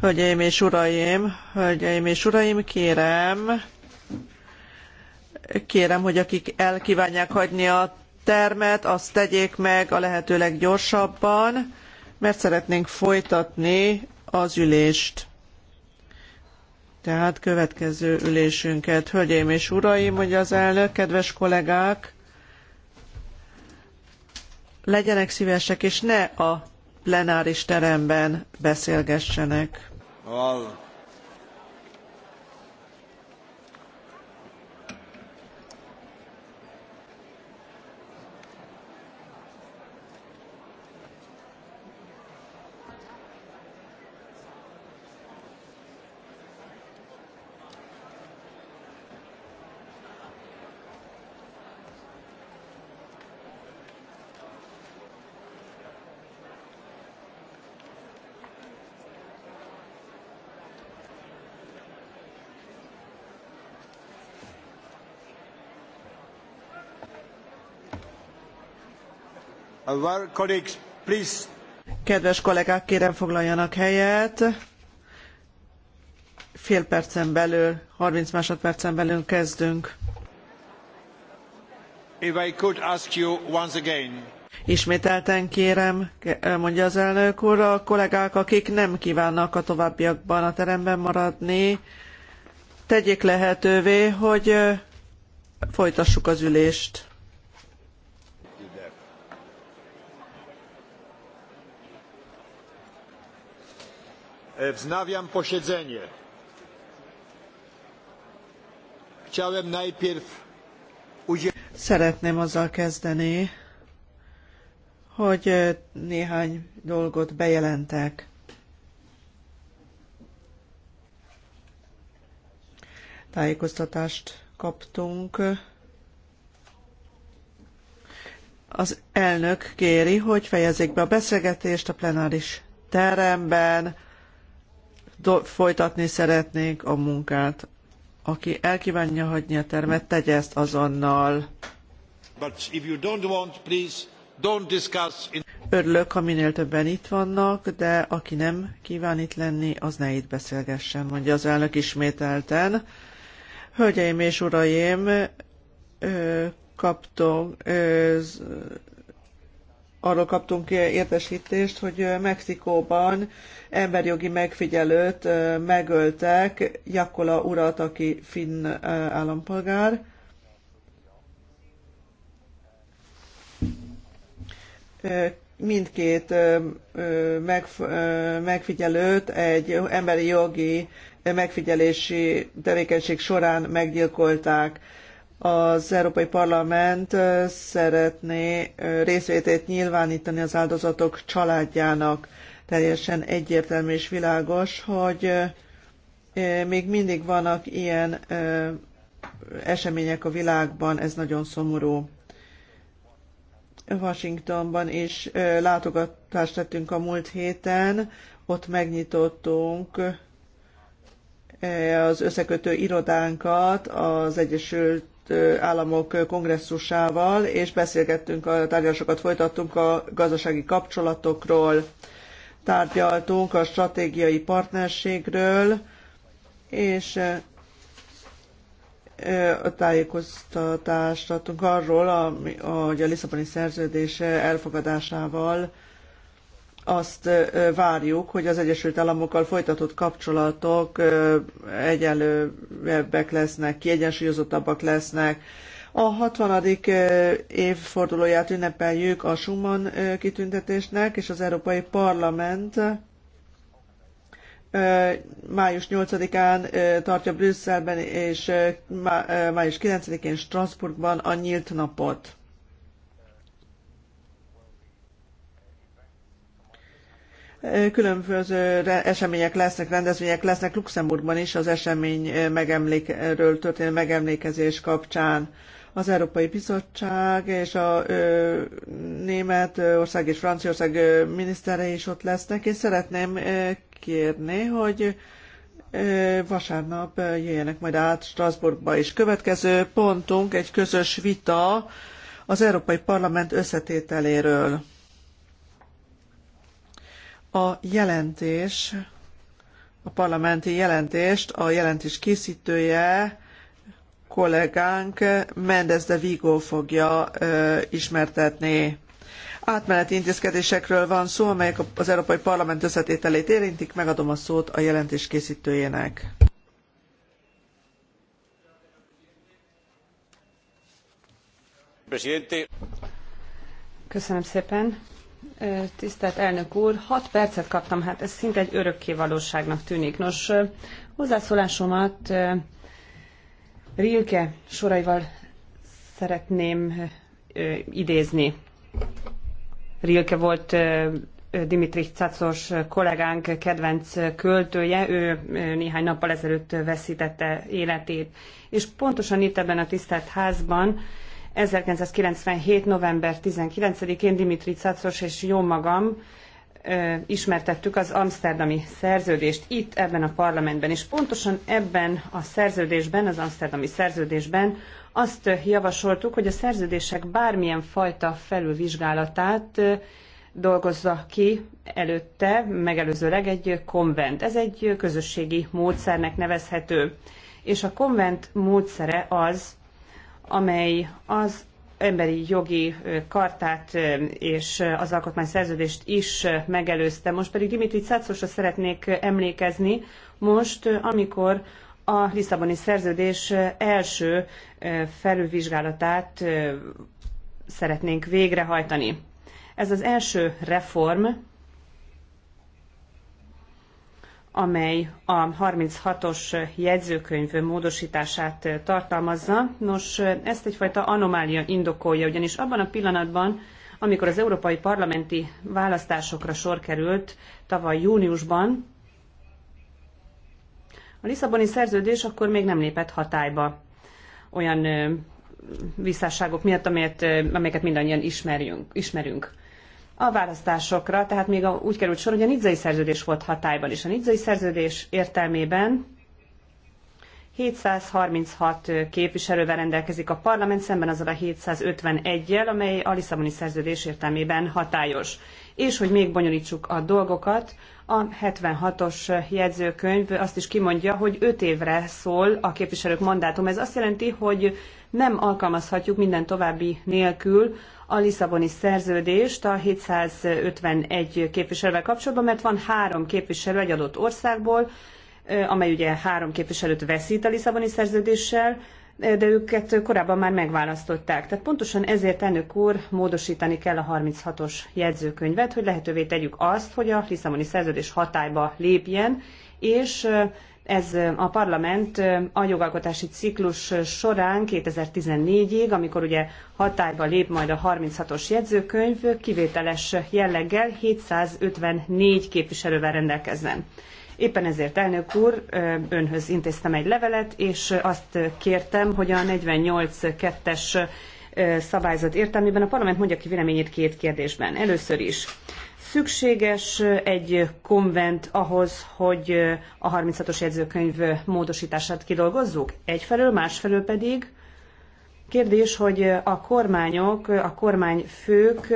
Hölgyeim és uraim, hölgyeim és uraim, kérem, kérem, hogy akik el kívánják hagyni a termet, azt tegyék meg a lehető leggyorsabban, mert szeretnénk folytatni az ülést. Tehát következő ülésünket. Hölgyeim és uraim, hogy az elnök, kedves kollégák, legyenek szívesek, és ne a plenáris teremben beszélgessenek. Kedves kollégák, kérem foglaljanak helyet. Fél percen belül, thirty másodpercen belül kezdünk. Ismételten kérem, mondja az elnök úr, a kollégák, akik nem kívánnak a továbbiakban a teremben maradni, tegyék lehetővé, hogy folytassuk az ülést. Wznawiam posiedzenie. Chciałem najpierw Szeretném azzal kezdeni, hogy e, néhány dolgot bejelentek. Tájékoztatást kaptunk az elnök kéri, hogy fejezzék be a beszélgetést a plenáris teremben folytatni szeretnénk a munkát. Aki elkívánja hagyni a termet, tegye ezt azonnal. Want, please, in... Örülök, ha minél többen itt vannak, de aki nem kíván itt lenni, az ne itt beszélgessen, mondja az elnök ismételten. Hölgyeim és uraim, ö, kaptunk ö, arról kaptunk eh, értesítést, hogy eh, Mexikóban emberjogi megfigyelőt eh, megöltek, Jakola urat, aki finn állampolgár. Mindkét megfigyelőt egy emberi jogi megfigyelési tevékenység során meggyilkolták az Európai Parlament szeretné részvétét nyilvánítani az áldozatok családjának. Teljesen egyértelmű és világos, hogy még mindig vannak ilyen események a világban, ez nagyon szomorú. Washingtonban is látogatást tettünk a múlt héten, ott megnyitottunk az összekötő irodánkat az Egyesült Államok kongresszusával, és beszélgettünk, a tárgyalásokat folytattunk a gazdasági kapcsolatokról, tárgyaltunk a stratégiai partnerségről, és a tájékoztatást adtunk arról, hogy a Lisszaboni szerződés elfogadásával azt várjuk, hogy az Egyesült Államokkal folytatott kapcsolatok egyenlőbbek lesznek, kiegyensúlyozottabbak lesznek. A 60. évfordulóját ünnepeljük a Schumann kitüntetésnek, és az Európai Parlament május 8-án tartja Brüsszelben, és május 9-én Strasbourgban a nyílt napot. Különböző események lesznek, rendezvények lesznek Luxemburgban is az esemény megemlékről történő megemlékezés kapcsán. Az Európai Bizottság és a ö, Németország és Franciaország minisztere miniszterei is ott lesznek, és szeretném ö, kérni, hogy vasárnap jöjjenek majd át Strasbourgba is. Következő pontunk egy közös vita az Európai Parlament összetételéről. A jelentés, a parlamenti jelentést a jelentés készítője kollégánk Mendez de Vigo fogja ö, ismertetni. Átmeneti intézkedésekről van szó, amelyek az Európai Parlament összetételét érintik. Megadom a szót a jelentés készítőjének. Köszönöm szépen. Tisztelt elnök úr, hat percet kaptam, hát ez szinte egy örökké valóságnak tűnik. Nos, hozzászólásomat Rilke soraival szeretném idézni. Rilke volt Dimitri Cacos kollégánk kedvenc költője, ő néhány nappal ezelőtt veszítette életét. És pontosan itt ebben a tisztelt házban 1997. november 19-én Dimitri Cacos és jó magam ismertettük az amsterdami szerződést itt ebben a parlamentben, és pontosan ebben a szerződésben, az amsterdami szerződésben azt javasoltuk, hogy a szerződések bármilyen fajta felülvizsgálatát dolgozza ki előtte, megelőzőleg egy konvent. Ez egy közösségi módszernek nevezhető. És a konvent módszere az, amely az emberi jogi kartát és az alkotmányszerződést is megelőzte. Most pedig Dimitri Cácosra szeretnék emlékezni, most, amikor a Lisszaboni szerződés első felülvizsgálatát szeretnénk végrehajtani. Ez az első reform, amely a 36-os jegyzőkönyv módosítását tartalmazza. Nos, ezt egyfajta anomália indokolja, ugyanis abban a pillanatban, amikor az európai parlamenti választásokra sor került tavaly júniusban, a Lisszaboni szerződés akkor még nem lépett hatályba olyan visszásságok miatt, amelyet, amelyeket mindannyian ismerünk a választásokra, tehát még a, úgy került sor, hogy a nidzai szerződés volt hatályban, és a nidzai szerződés értelmében 736 képviselővel rendelkezik a parlament, szemben azzal a 751-jel, amely a Lisszaboni szerződés értelmében hatályos és hogy még bonyolítsuk a dolgokat, a 76-os jegyzőkönyv azt is kimondja, hogy 5 évre szól a képviselők mandátum. Ez azt jelenti, hogy nem alkalmazhatjuk minden további nélkül a Lisszaboni szerződést a 751 képviselővel kapcsolatban, mert van három képviselő egy adott országból, amely ugye három képviselőt veszít a Lisszaboni szerződéssel, de őket korábban már megválasztották. Tehát pontosan ezért, elnök úr, módosítani kell a 36-os jegyzőkönyvet, hogy lehetővé tegyük azt, hogy a Lisszaboni szerződés hatályba lépjen, és ez a parlament a jogalkotási ciklus során 2014-ig, amikor ugye hatályba lép majd a 36-os jegyzőkönyv, kivételes jelleggel 754 képviselővel rendelkezzen. Éppen ezért, elnök úr, önhöz intéztem egy levelet, és azt kértem, hogy a 48.2-es szabályzat értelmében a parlament mondja ki véleményét két kérdésben. Először is szükséges egy konvent ahhoz, hogy a 36-os jegyzőkönyv módosítását kidolgozzuk? Egyfelől, másfelől pedig Kérdés, hogy a kormányok, a kormányfők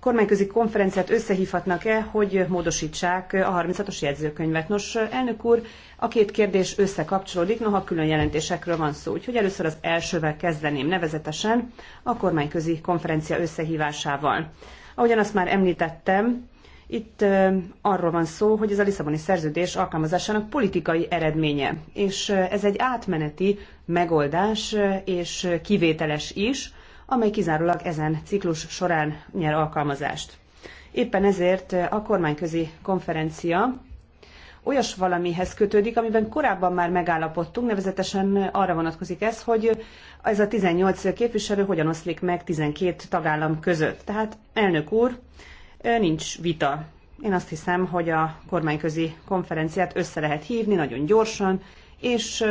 kormányközi konferenciát összehívhatnak-e, hogy módosítsák a 36-os jegyzőkönyvet. Nos, elnök úr, a két kérdés összekapcsolódik, noha külön jelentésekről van szó. Úgyhogy először az elsővel kezdeném, nevezetesen a kormányközi konferencia összehívásával. Ahogyan azt már említettem, itt arról van szó, hogy ez a Lisszaboni szerződés alkalmazásának politikai eredménye, és ez egy átmeneti megoldás és kivételes is, amely kizárólag ezen ciklus során nyer alkalmazást. Éppen ezért a kormányközi konferencia olyas valamihez kötődik, amiben korábban már megállapodtunk, nevezetesen arra vonatkozik ez, hogy ez a 18 képviselő hogyan oszlik meg 12 tagállam között. Tehát, elnök úr, nincs vita. Én azt hiszem, hogy a kormányközi konferenciát össze lehet hívni nagyon gyorsan, és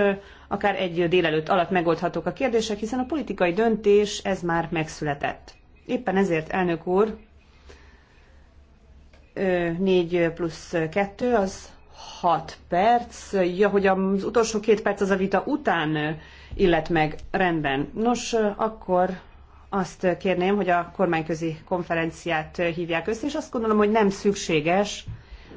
akár egy délelőtt alatt megoldhatók a kérdések, hiszen a politikai döntés ez már megszületett. Éppen ezért, elnök úr, 4 plusz 2 az 6 perc. Ja, hogy az utolsó két perc az a vita után illet meg. Rendben. Nos, akkor azt kérném, hogy a kormányközi konferenciát hívják össze, és azt gondolom, hogy nem szükséges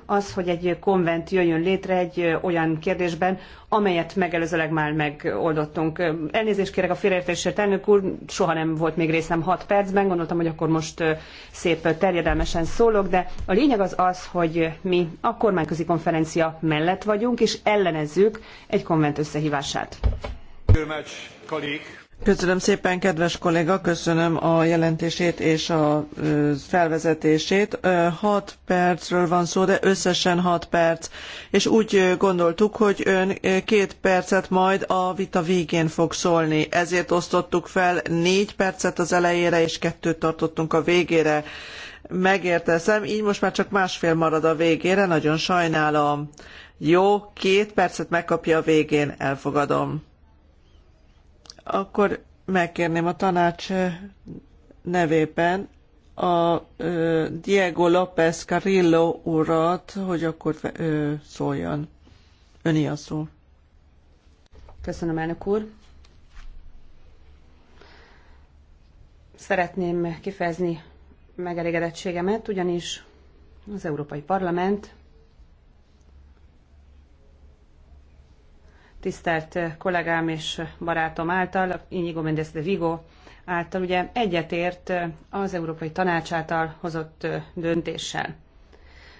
az, hogy egy konvent jöjjön létre egy olyan kérdésben, amelyet megelőzőleg már megoldottunk. Elnézést kérek a félreértésért, elnök úr, soha nem volt még részem 6 percben, gondoltam, hogy akkor most szép terjedelmesen szólok, de a lényeg az az, hogy mi a kormányközi konferencia mellett vagyunk, és ellenezzük egy konvent összehívását. Köszönöm, Köszönöm szépen, kedves kolléga, köszönöm a jelentését és a felvezetését. Hat percről van szó, de összesen hat perc, és úgy gondoltuk, hogy ön két percet majd a vita végén fog szólni. Ezért osztottuk fel négy percet az elejére, és kettőt tartottunk a végére. Megérteszem, így most már csak másfél marad a végére, nagyon sajnálom. Jó, két percet megkapja a végén, elfogadom akkor megkérném a tanács eh, nevében a eh, Diego López Carrillo urat, hogy akkor eh, szóljon. Öni a szó. Köszönöm, elnök úr. Szeretném kifejezni megelégedettségemet, ugyanis az Európai Parlament tisztelt kollégám és barátom által, Inigo Mendes de Vigo által ugye egyetért az Európai Tanács által hozott döntéssel.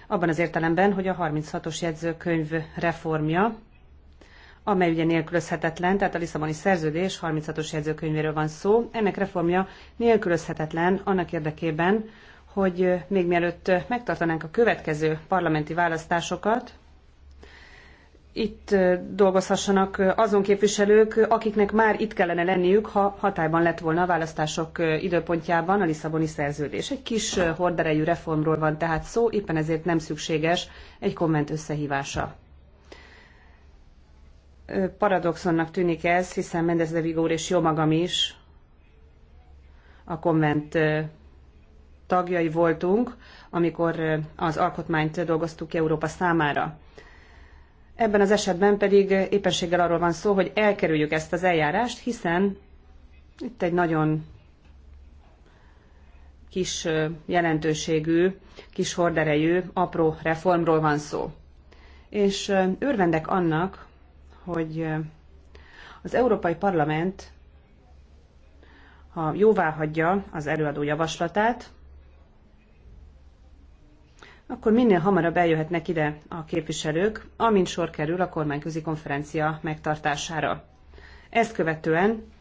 Abban az értelemben, hogy a 36-os jegyzőkönyv reformja, amely ugye nélkülözhetetlen, tehát a Lisszaboni Szerződés 36-os jegyzőkönyvéről van szó. Ennek reformja nélkülözhetetlen annak érdekében, hogy még mielőtt megtartanánk a következő parlamenti választásokat, itt dolgozhassanak azon képviselők, akiknek már itt kellene lenniük, ha hatályban lett volna a választások időpontjában a Lisszaboni szerződés. Egy kis horderejű reformról van tehát szó, éppen ezért nem szükséges egy komment összehívása. Paradoxonnak tűnik ez, hiszen Mendez de Vigór és jó magam is a konvent tagjai voltunk, amikor az alkotmányt dolgoztuk Európa számára Ebben az esetben pedig éppenséggel arról van szó, hogy elkerüljük ezt az eljárást, hiszen itt egy nagyon kis jelentőségű, kis horderejű, apró reformról van szó. És örvendek annak, hogy az Európai Parlament, ha jóvá hagyja az előadó javaslatát, akkor minél hamarabb eljöhetnek ide a képviselők, amint sor kerül a kormányközi konferencia megtartására. Ezt követően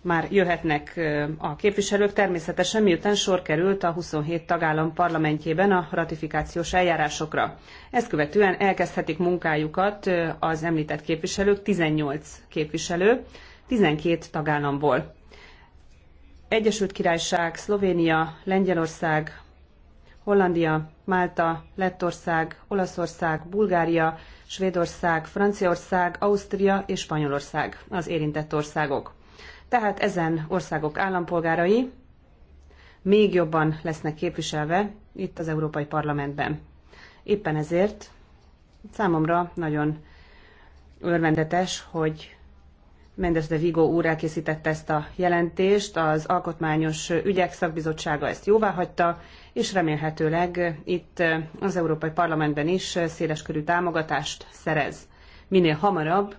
már jöhetnek a képviselők, természetesen miután sor került a 27 tagállam parlamentjében a ratifikációs eljárásokra. Ezt követően elkezdhetik munkájukat az említett képviselők, 18 képviselő, 12 tagállamból. Egyesült Királyság, Szlovénia, Lengyelország, Hollandia, Málta, Lettország, Olaszország, Bulgária, Svédország, Franciaország, Ausztria és Spanyolország az érintett országok. Tehát ezen országok állampolgárai még jobban lesznek képviselve itt az Európai Parlamentben. Éppen ezért számomra nagyon örvendetes, hogy Mendes de Vigo úr elkészítette ezt a jelentést, az Alkotmányos Ügyek Szakbizottsága ezt jóváhagyta, és remélhetőleg itt az Európai Parlamentben is széleskörű támogatást szerez minél hamarabb,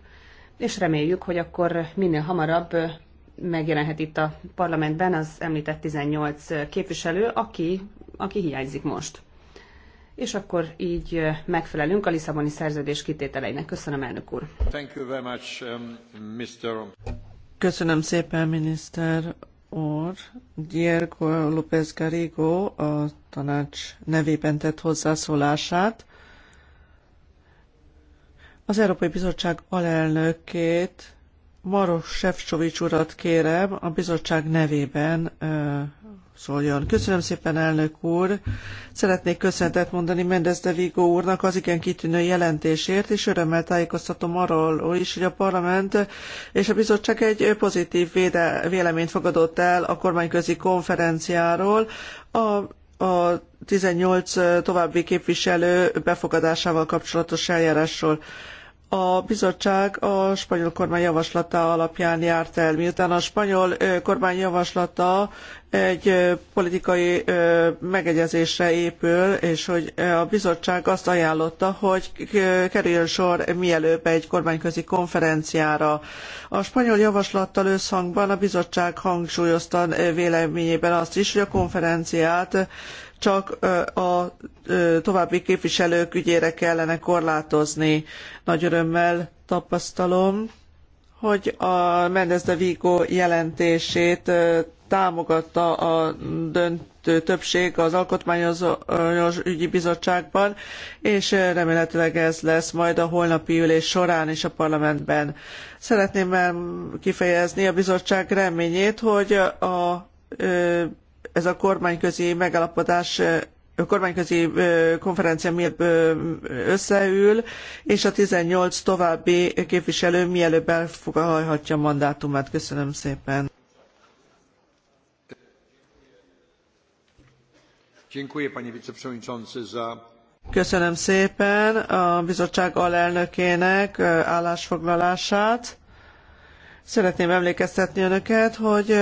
és reméljük, hogy akkor minél hamarabb megjelenhet itt a parlamentben az említett 18 képviselő, aki, aki hiányzik most és akkor így megfelelünk a Lisszaboni szerződés kitételeinek. Köszönöm, elnök úr. Thank you very much, Mr. Um, Köszönöm szépen, miniszter úr. Diego López Garrigo a tanács nevében tett hozzászólását. Az Európai Bizottság alelnökét, Maros Sefcsovics urat kérem a bizottság nevében szóljon. Köszönöm szépen, elnök úr! Szeretnék köszöntet mondani Mendez de Vigo úrnak az igen kitűnő jelentésért, és örömmel tájékoztatom arról is, hogy a parlament és a bizottság egy pozitív véde, véleményt fogadott el a kormányközi konferenciáról, a, a 18 további képviselő befogadásával kapcsolatos eljárásról a bizottság a spanyol kormány javaslata alapján járt el, miután a spanyol kormány javaslata egy politikai megegyezésre épül, és hogy a bizottság azt ajánlotta, hogy kerüljön sor mielőbb egy kormányközi konferenciára. A spanyol javaslattal összhangban a bizottság hangsúlyozta véleményében azt is, hogy a konferenciát csak a további képviselők ügyére kellene korlátozni. Nagy örömmel tapasztalom, hogy a Mendez de Vigo jelentését támogatta a döntő többség az Alkotmányos Ügyi Bizottságban, és remélhetőleg ez lesz majd a holnapi ülés során is a parlamentben. Szeretném kifejezni a bizottság reményét, hogy a ez a kormányközi megállapodás a kormányközi konferencia miért összeül, és a 18 további képviselő mielőbb elfogadhatja mandátumát. Köszönöm szépen. Köszönöm szépen a bizottság alelnökének állásfoglalását. Szeretném emlékeztetni önöket, hogy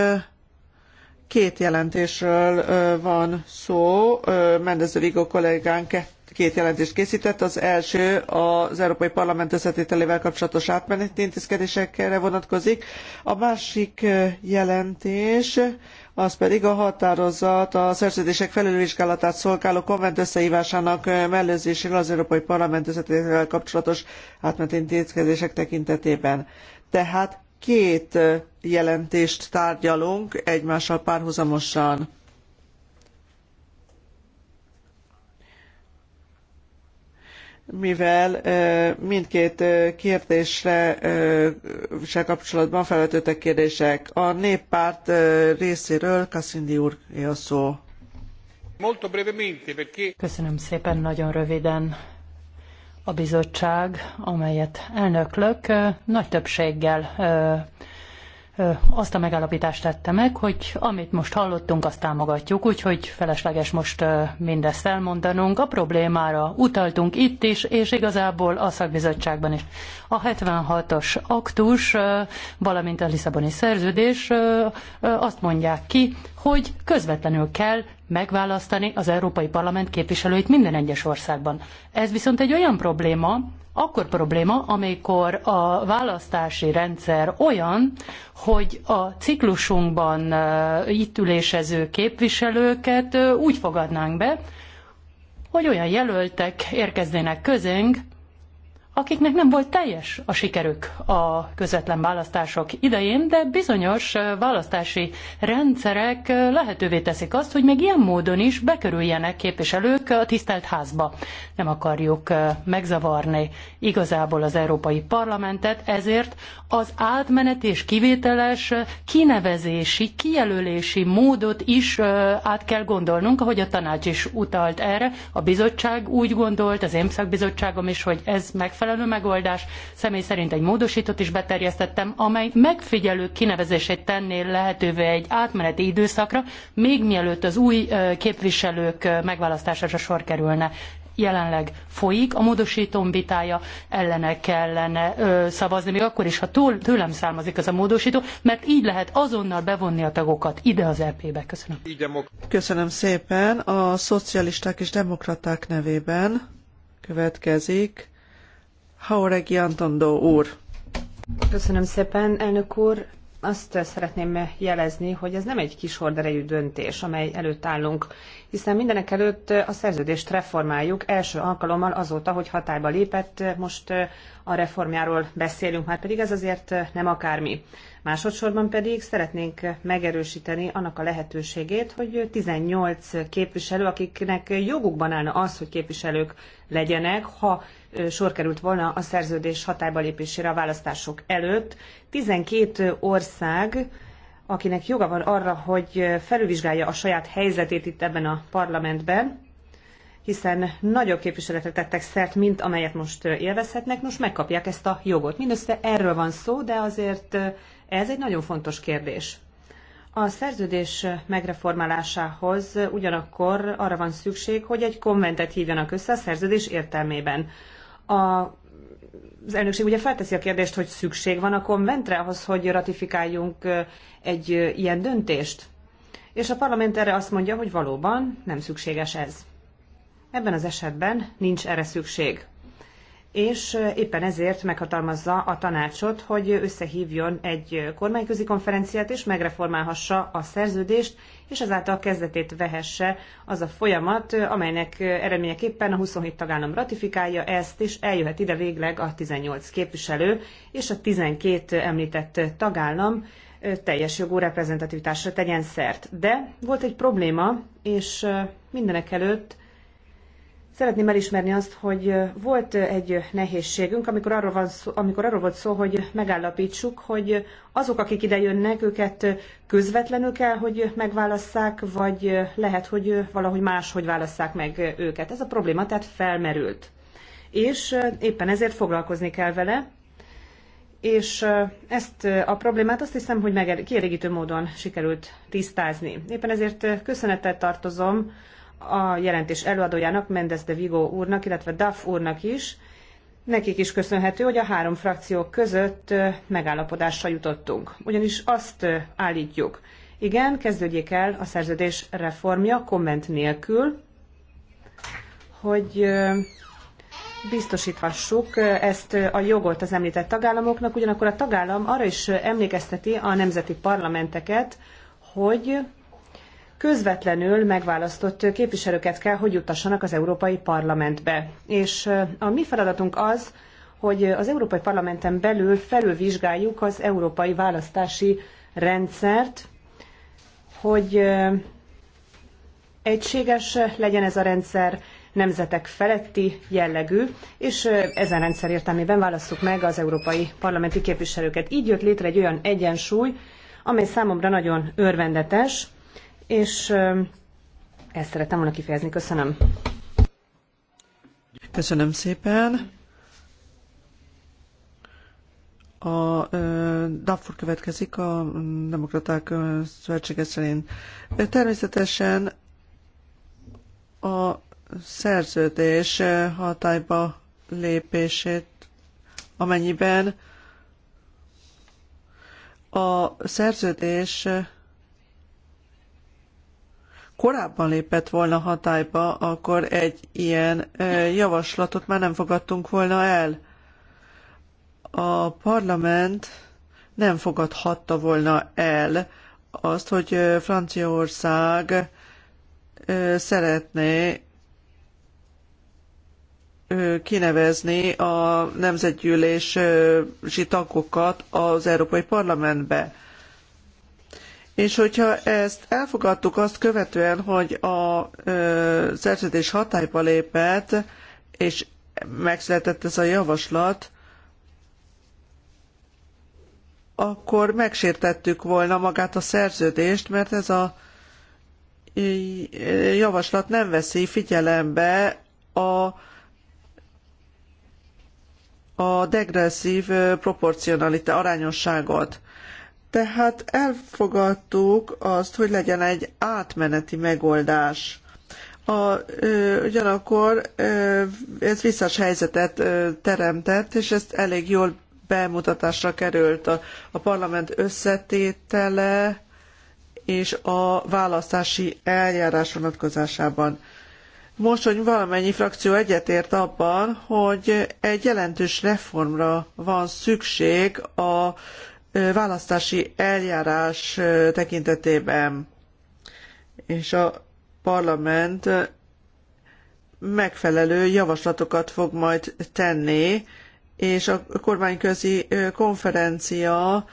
Két jelentésről van szó, Mendező Vigo kollégánk két jelentést készített. Az első az Európai Parlament összetételével kapcsolatos átmeneti intézkedésekre vonatkozik. A másik jelentés az pedig a határozat a szerződések felülvizsgálatát szolgáló konvent összehívásának mellőzéséről az Európai Parlament összetételével kapcsolatos átmeneti intézkedések tekintetében. Tehát két jelentést tárgyalunk egymással párhuzamosan. mivel mindkét kérdésre se kapcsolatban felvetődtek kérdések. A néppárt részéről Kassindi úr a szó. Köszönöm szépen, nagyon röviden a bizottság, amelyet elnöklök, nagy többséggel azt a megállapítást tette meg, hogy amit most hallottunk, azt támogatjuk, úgyhogy felesleges most mindezt elmondanunk. A problémára utaltunk itt is, és igazából a szakbizottságban is. A 76-os aktus, valamint a Lisszaboni szerződés azt mondják ki, hogy közvetlenül kell megválasztani az Európai Parlament képviselőit minden egyes országban. Ez viszont egy olyan probléma, akkor probléma, amikor a választási rendszer olyan, hogy a ciklusunkban itt ülésező képviselőket úgy fogadnánk be, hogy olyan jelöltek érkeznének közénk, akiknek nem volt teljes a sikerük a közvetlen választások idején, de bizonyos választási rendszerek lehetővé teszik azt, hogy még ilyen módon is bekerüljenek képviselők a tisztelt házba. Nem akarjuk megzavarni igazából az Európai Parlamentet, ezért az átmenet és kivételes kinevezési, kijelölési módot is át kell gondolnunk, ahogy a tanács is utalt erre. A bizottság úgy gondolt, az én szakbizottságom is, hogy ez megfelelő megfelelő megoldás. Személy szerint egy módosítót is beterjesztettem, amely megfigyelők kinevezését tenné lehetővé egy átmeneti időszakra, még mielőtt az új képviselők megválasztására sor kerülne jelenleg folyik, a módosítón vitája ellene kellene ö, szavazni, még akkor is, ha túl, tőlem származik ez a módosító, mert így lehet azonnal bevonni a tagokat ide az EP-be. Köszönöm. Köszönöm szépen. A szocialisták és demokraták nevében következik Hauregi Antondó úr. Köszönöm szépen, elnök úr. Azt szeretném jelezni, hogy ez nem egy kis horderejű döntés, amely előtt állunk, hiszen mindenekelőtt a szerződést reformáljuk első alkalommal azóta, hogy hatályba lépett, most a reformjáról beszélünk, már pedig ez azért nem akármi. Másodszorban pedig szeretnénk megerősíteni annak a lehetőségét, hogy 18 képviselő, akiknek jogukban állna az, hogy képviselők legyenek, ha sor került volna a szerződés hatályba lépésére a választások előtt. 12 ország akinek joga van arra, hogy felülvizsgálja a saját helyzetét itt ebben a parlamentben, hiszen nagyobb képviseletre tettek szert, mint amelyet most élvezhetnek, most megkapják ezt a jogot. Mindössze erről van szó, de azért ez egy nagyon fontos kérdés. A szerződés megreformálásához ugyanakkor arra van szükség, hogy egy konventet hívjanak össze a szerződés értelmében. A az elnökség ugye felteszi a kérdést, hogy szükség van a konventre ahhoz, hogy ratifikáljunk egy ilyen döntést. És a parlament erre azt mondja, hogy valóban nem szükséges ez. Ebben az esetben nincs erre szükség és éppen ezért meghatalmazza a tanácsot, hogy összehívjon egy kormányközi konferenciát, és megreformálhassa a szerződést, és ezáltal kezdetét vehesse az a folyamat, amelynek eredményeképpen a 27 tagállam ratifikálja ezt, és eljöhet ide végleg a 18 képviselő, és a 12 említett tagállam teljes jogú reprezentativitásra tegyen szert. De volt egy probléma, és mindenek előtt Szeretném elismerni azt, hogy volt egy nehézségünk, amikor arról, van szó, amikor arról volt szó, hogy megállapítsuk, hogy azok, akik ide jönnek, őket közvetlenül kell, hogy megválasszák, vagy lehet, hogy valahogy máshogy válasszák meg őket. Ez a probléma tehát felmerült. És éppen ezért foglalkozni kell vele, és ezt a problémát azt hiszem, hogy kielégítő módon sikerült tisztázni. Éppen ezért köszönettel tartozom a jelentés előadójának, Mendes de Vigo úrnak, illetve Duff úrnak is. Nekik is köszönhető, hogy a három frakció között megállapodásra jutottunk. Ugyanis azt állítjuk, igen, kezdődjék el a szerződés reformja komment nélkül, hogy biztosíthassuk ezt a jogot az említett tagállamoknak, ugyanakkor a tagállam arra is emlékezteti a nemzeti parlamenteket, hogy közvetlenül megválasztott képviselőket kell, hogy jutassanak az Európai Parlamentbe. És a mi feladatunk az, hogy az Európai Parlamenten belül felülvizsgáljuk az európai választási rendszert, hogy egységes legyen ez a rendszer, nemzetek feletti jellegű, és ezen rendszer értelmében válasszuk meg az európai parlamenti képviselőket. Így jött létre egy olyan egyensúly, amely számomra nagyon örvendetes, és ezt szerettem volna kifejezni. Köszönöm. Köszönöm szépen. A DAFUR következik a Demokraták Szövetsége szerint. Természetesen a szerződés hatályba lépését, amennyiben a szerződés korábban lépett volna hatályba, akkor egy ilyen javaslatot már nem fogadtunk volna el. A parlament nem fogadhatta volna el azt, hogy Franciaország szeretné kinevezni a nemzetgyűlési tagokat az Európai Parlamentbe. És hogyha ezt elfogadtuk azt követően, hogy a ö, szerződés hatályba lépett, és megszületett ez a javaslat, akkor megsértettük volna magát a szerződést, mert ez a javaslat nem veszi figyelembe a, a degresszív proporcionalita arányosságot. Tehát elfogadtuk azt, hogy legyen egy átmeneti megoldás. A, ö, ugyanakkor ö, ez visszas helyzetet ö, teremtett, és ezt elég jól bemutatásra került a, a parlament összetétele és a választási eljárás vonatkozásában. Most, hogy valamennyi frakció egyetért abban, hogy egy jelentős reformra van szükség a választási eljárás tekintetében, és a parlament megfelelő javaslatokat fog majd tenni, és a kormányközi konferencia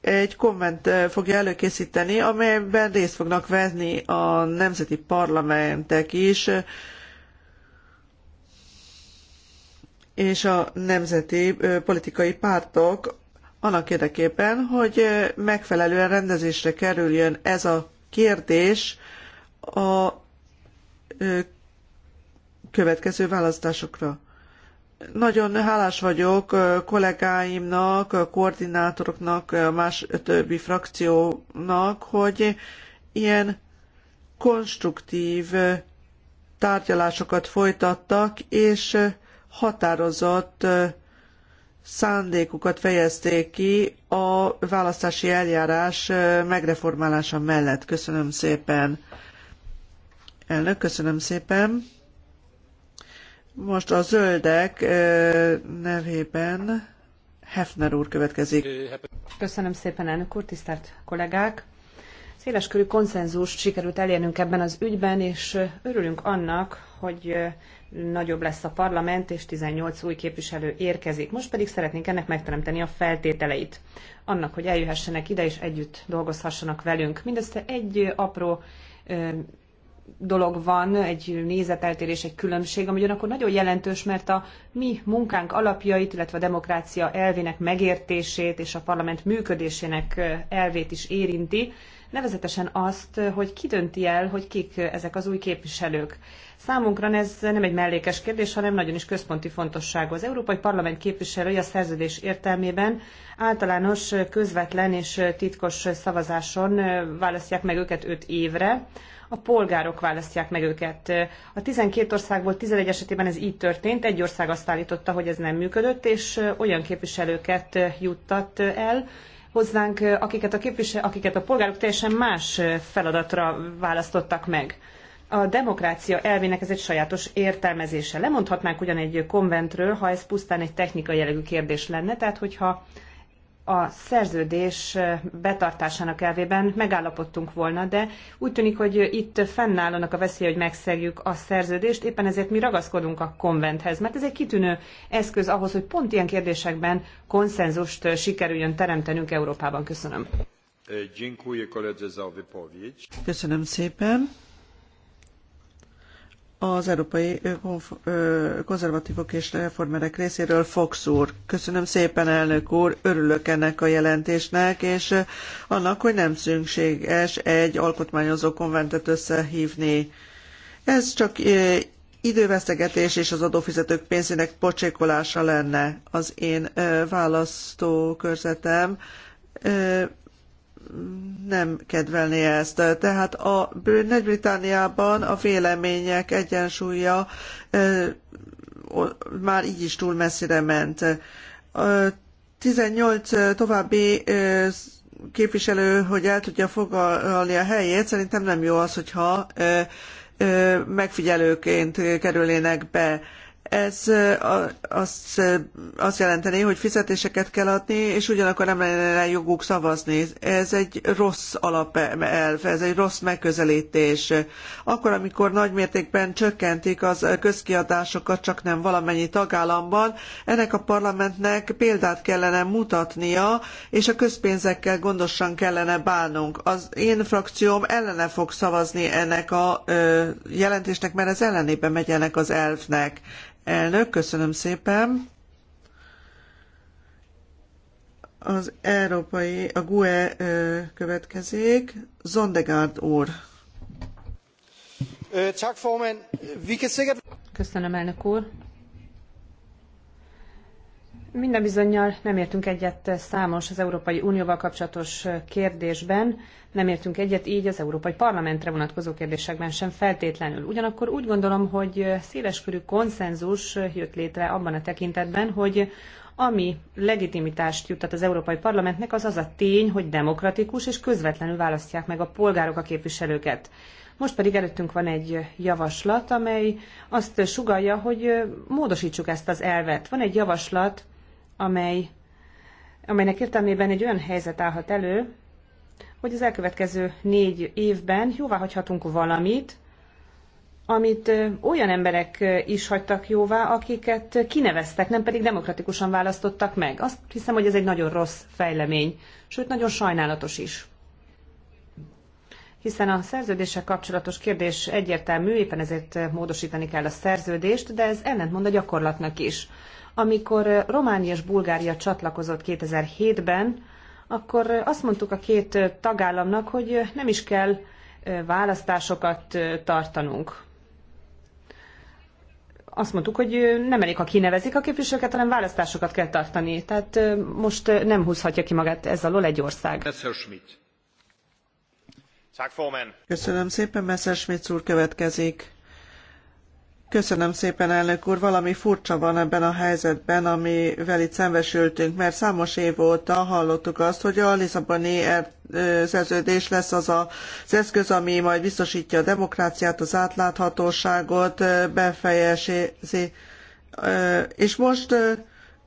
egy konvent fogja előkészíteni, amelyben részt fognak venni a nemzeti parlamentek is, és a nemzeti politikai pártok annak érdekében, hogy megfelelően rendezésre kerüljön ez a kérdés a következő választásokra. Nagyon hálás vagyok kollégáimnak, a koordinátoroknak, a más többi frakciónak, hogy ilyen konstruktív tárgyalásokat folytattak, és határozott szándékukat fejezték ki a választási eljárás megreformálása mellett. Köszönöm szépen. Elnök, köszönöm szépen. Most a zöldek nevében Hefner úr következik. Köszönöm szépen, elnök úr, tisztelt kollégák! Széleskörű konszenzust sikerült elérnünk ebben az ügyben, és örülünk annak, hogy nagyobb lesz a parlament, és 18 új képviselő érkezik. Most pedig szeretnénk ennek megteremteni a feltételeit. Annak, hogy eljöhessenek ide, és együtt dolgozhassanak velünk. Mindössze egy apró dolog van, egy nézeteltérés, egy különbség, ami ugyanakkor nagyon jelentős, mert a mi munkánk alapjait, illetve a demokrácia elvének megértését és a parlament működésének elvét is érinti, nevezetesen azt, hogy ki dönti el, hogy kik ezek az új képviselők. Számunkra ez nem egy mellékes kérdés, hanem nagyon is központi fontosságú. Az Európai Parlament képviselői a szerződés értelmében általános, közvetlen és titkos szavazáson választják meg őket 5 évre. A polgárok választják meg őket. A 12 országból 11 esetében ez így történt, egy ország azt állította, hogy ez nem működött, és olyan képviselőket juttat el, hozzánk, akiket a, képvisel, akiket a polgárok teljesen más feladatra választottak meg a demokrácia elvének ez egy sajátos értelmezése. Lemondhatnánk ugyan egy konventről, ha ez pusztán egy technikai jellegű kérdés lenne, tehát hogyha a szerződés betartásának elvében megállapodtunk volna, de úgy tűnik, hogy itt fennáll annak a veszélye, hogy megszegjük a szerződést, éppen ezért mi ragaszkodunk a konventhez, mert ez egy kitűnő eszköz ahhoz, hogy pont ilyen kérdésekben konszenzust sikerüljön teremtenünk Európában. Köszönöm. Köszönöm szépen az Európai Konzervatívok és Reformerek részéről Fox úr. Köszönöm szépen, elnök úr, örülök ennek a jelentésnek, és annak, hogy nem szükséges egy alkotmányozó konventet összehívni. Ez csak idővesztegetés és az adófizetők pénzének pocsékolása lenne az én választókörzetem nem kedvelné ezt. Tehát a Nagy-Britániában a vélemények egyensúlya már így is túl messzire ment. 18 további képviselő, hogy el tudja foglalni a helyét, szerintem nem jó az, hogyha megfigyelőként kerülnének be ez azt, azt jelenteni, hogy fizetéseket kell adni, és ugyanakkor nem lenne rá joguk szavazni. Ez egy rossz alapelv, ez egy rossz megközelítés. Akkor, amikor nagymértékben csökkentik az közkiadásokat, csak nem valamennyi tagállamban, ennek a parlamentnek példát kellene mutatnia, és a közpénzekkel gondosan kellene bánnunk. Az én frakcióm ellene fog szavazni ennek a jelentésnek, mert ez ellenében megy ennek az elvnek Elnök, köszönöm szépen. Az európai, a GUE következik. Zondegard úr. Köszönöm, elnök úr. Minden bizonyal nem értünk egyet számos az Európai Unióval kapcsolatos kérdésben, nem értünk egyet így az Európai Parlamentre vonatkozó kérdésekben sem feltétlenül. Ugyanakkor úgy gondolom, hogy széleskörű konszenzus jött létre abban a tekintetben, hogy ami legitimitást juttat az Európai Parlamentnek, az az a tény, hogy demokratikus és közvetlenül választják meg a polgárok a képviselőket. Most pedig előttünk van egy javaslat, amely azt sugalja, hogy módosítsuk ezt az elvet. Van egy javaslat amely, amelynek értelmében egy olyan helyzet állhat elő, hogy az elkövetkező négy évben jóváhagyhatunk valamit, amit olyan emberek is hagytak jóvá, akiket kineveztek, nem pedig demokratikusan választottak meg. Azt hiszem, hogy ez egy nagyon rossz fejlemény, sőt, nagyon sajnálatos is. Hiszen a szerződéssel kapcsolatos kérdés egyértelmű, éppen ezért módosítani kell a szerződést, de ez ellentmond a gyakorlatnak is. Amikor eh, Románia és Bulgária csatlakozott 2007-ben, akkor eh, azt mondtuk a két eh, tagállamnak, hogy nem is kell választásokat tartanunk. Azt mondtuk, hogy nem elég, ha kinevezik a képviselőket, hanem választásokat kell tartani. Tehát most nem húzhatja ki magát ez alól egy ország. Köszönöm szépen, Messerschmidt úr következik. Köszönöm szépen, elnök úr. Valami furcsa van ebben a helyzetben, amivel itt szembesültünk, mert számos év óta hallottuk azt, hogy a Lisszaboni er- szerződés lesz az az eszköz, ami majd biztosítja a demokráciát, az átláthatóságot, befejezi. És most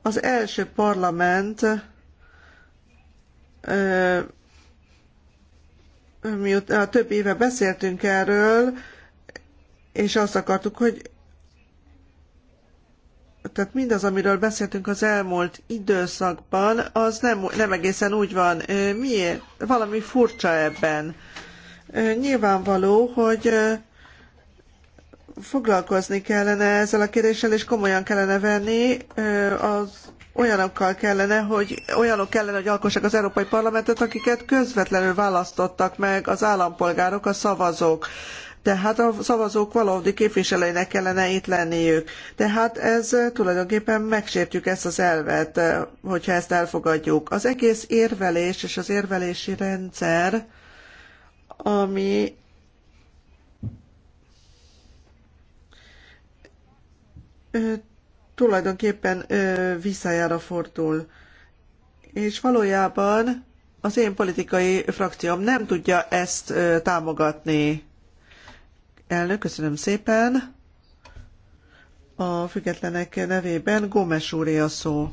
az első parlament miután több éve beszéltünk erről, és azt akartuk, hogy tehát mindaz, amiről beszéltünk az elmúlt időszakban, az nem, nem egészen úgy van. Miért? Valami furcsa ebben. Nyilvánvaló, hogy foglalkozni kellene ezzel a kérdéssel, és komolyan kellene venni az olyanokkal kellene, hogy olyanok kellene, hogy alkossák az Európai Parlamentet, akiket közvetlenül választottak meg az állampolgárok, a szavazók. Tehát a szavazók valódi képviselőinek kellene itt lenniük. Tehát ez eh, tulajdonképpen megsértjük ezt az elvet, eh, hogyha ezt elfogadjuk. Az egész érvelés és az érvelési rendszer, ami tulajdonképpen ö, visszájára fordul. És valójában az én politikai frakcióm nem tudja ezt támogatni. Elnök, köszönöm szépen. A függetlenek nevében Gómez úré a szó.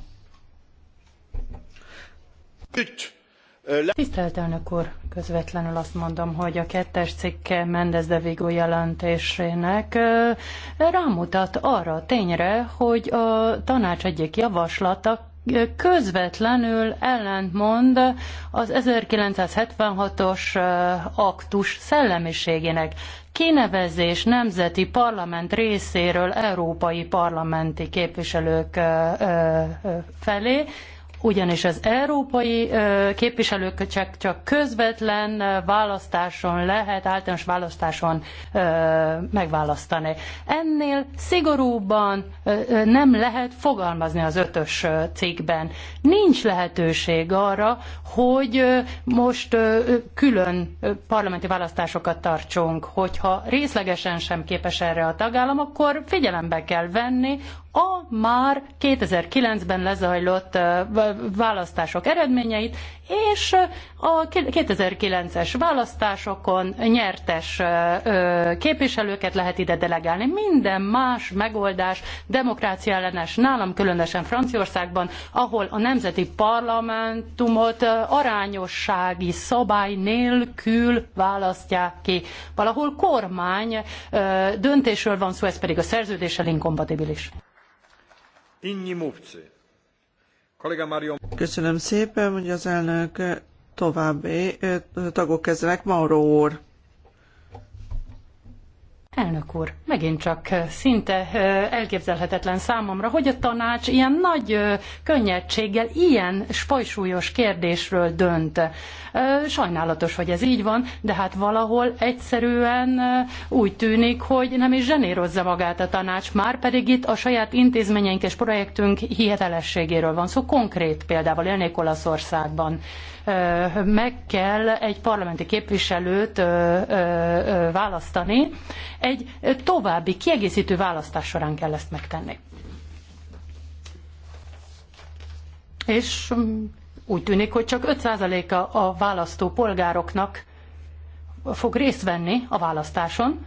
Tisztelt elnök úr, közvetlenül azt mondom, hogy a kettes cikke Mendez de Vigo jelentésének rámutat arra a tényre, hogy a tanács egyik javaslata közvetlenül ellentmond az 1976-os aktus szellemiségének. Kinevezés nemzeti parlament részéről európai parlamenti képviselők felé, ugyanis az európai képviselők csak, csak közvetlen választáson lehet, általános választáson megválasztani. Ennél szigorúban nem lehet fogalmazni az ötös cikkben. Nincs lehetőség arra, hogy most külön parlamenti választásokat tartsunk, hogyha részlegesen sem képes erre a tagállam, akkor figyelembe kell venni a már 2009-ben lezajlott választások eredményeit, és a 2009-es választásokon nyertes képviselőket lehet ide delegálni. Minden más megoldás demokrácia ellenes nálam, különösen Franciaországban, ahol a nemzeti parlamentumot arányossági szabály nélkül választják ki. Valahol kormány döntésről van szó, ez pedig a szerződéssel inkompatibilis. Köszönöm szépen, hogy az elnök további tagok kezdenek. Mauro úr. Elnök úr, megint csak eh, szinte eh, elképzelhetetlen számomra, hogy a tanács ilyen nagy eh, könnyedséggel, ilyen spajsúlyos kérdésről dönt. Sajnálatos, hogy ez így van, de hát valahol egyszerűen úgy tűnik, hogy nem is zsenérozza magát a tanács, már pedig itt a saját intézményeink és projektünk hihetelességéről van szó, szóval konkrét példával élnék Olaszországban meg kell egy parlamenti képviselőt választani. Egy további kiegészítő választás során kell ezt megtenni. És mm, úgy tűnik, hogy csak 5%-a a választó polgároknak fog részt venni a választáson,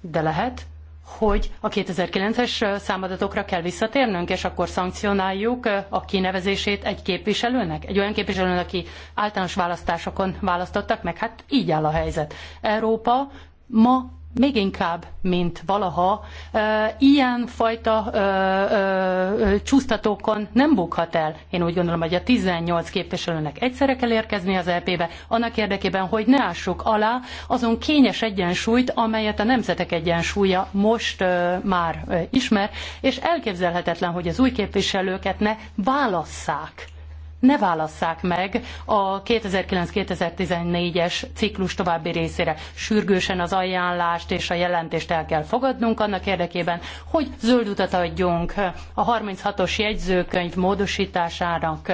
de lehet, hogy a 2009-es számadatokra kell visszatérnünk, és akkor szankcionáljuk eh, a kinevezését egy képviselőnek, egy olyan képviselőnek, aki általános választásokon választottak meg. Hát így áll a helyzet. Európa ma még inkább, mint valaha, ilyen fajta csúsztatókon nem bukhat el. Én úgy gondolom, hogy a 18 képviselőnek egyszerre kell érkezni az EP-be, annak érdekében, hogy ne ássuk alá azon kényes egyensúlyt, amelyet a nemzetek egyensúlya most már ismer, és elképzelhetetlen, hogy az új képviselőket ne válasszák ne válasszák meg a 2009-2014-es ciklus további részére. Sürgősen az ajánlást és a jelentést el kell fogadnunk annak érdekében, hogy zöld utat adjunk a 36-os jegyzőkönyv módosításának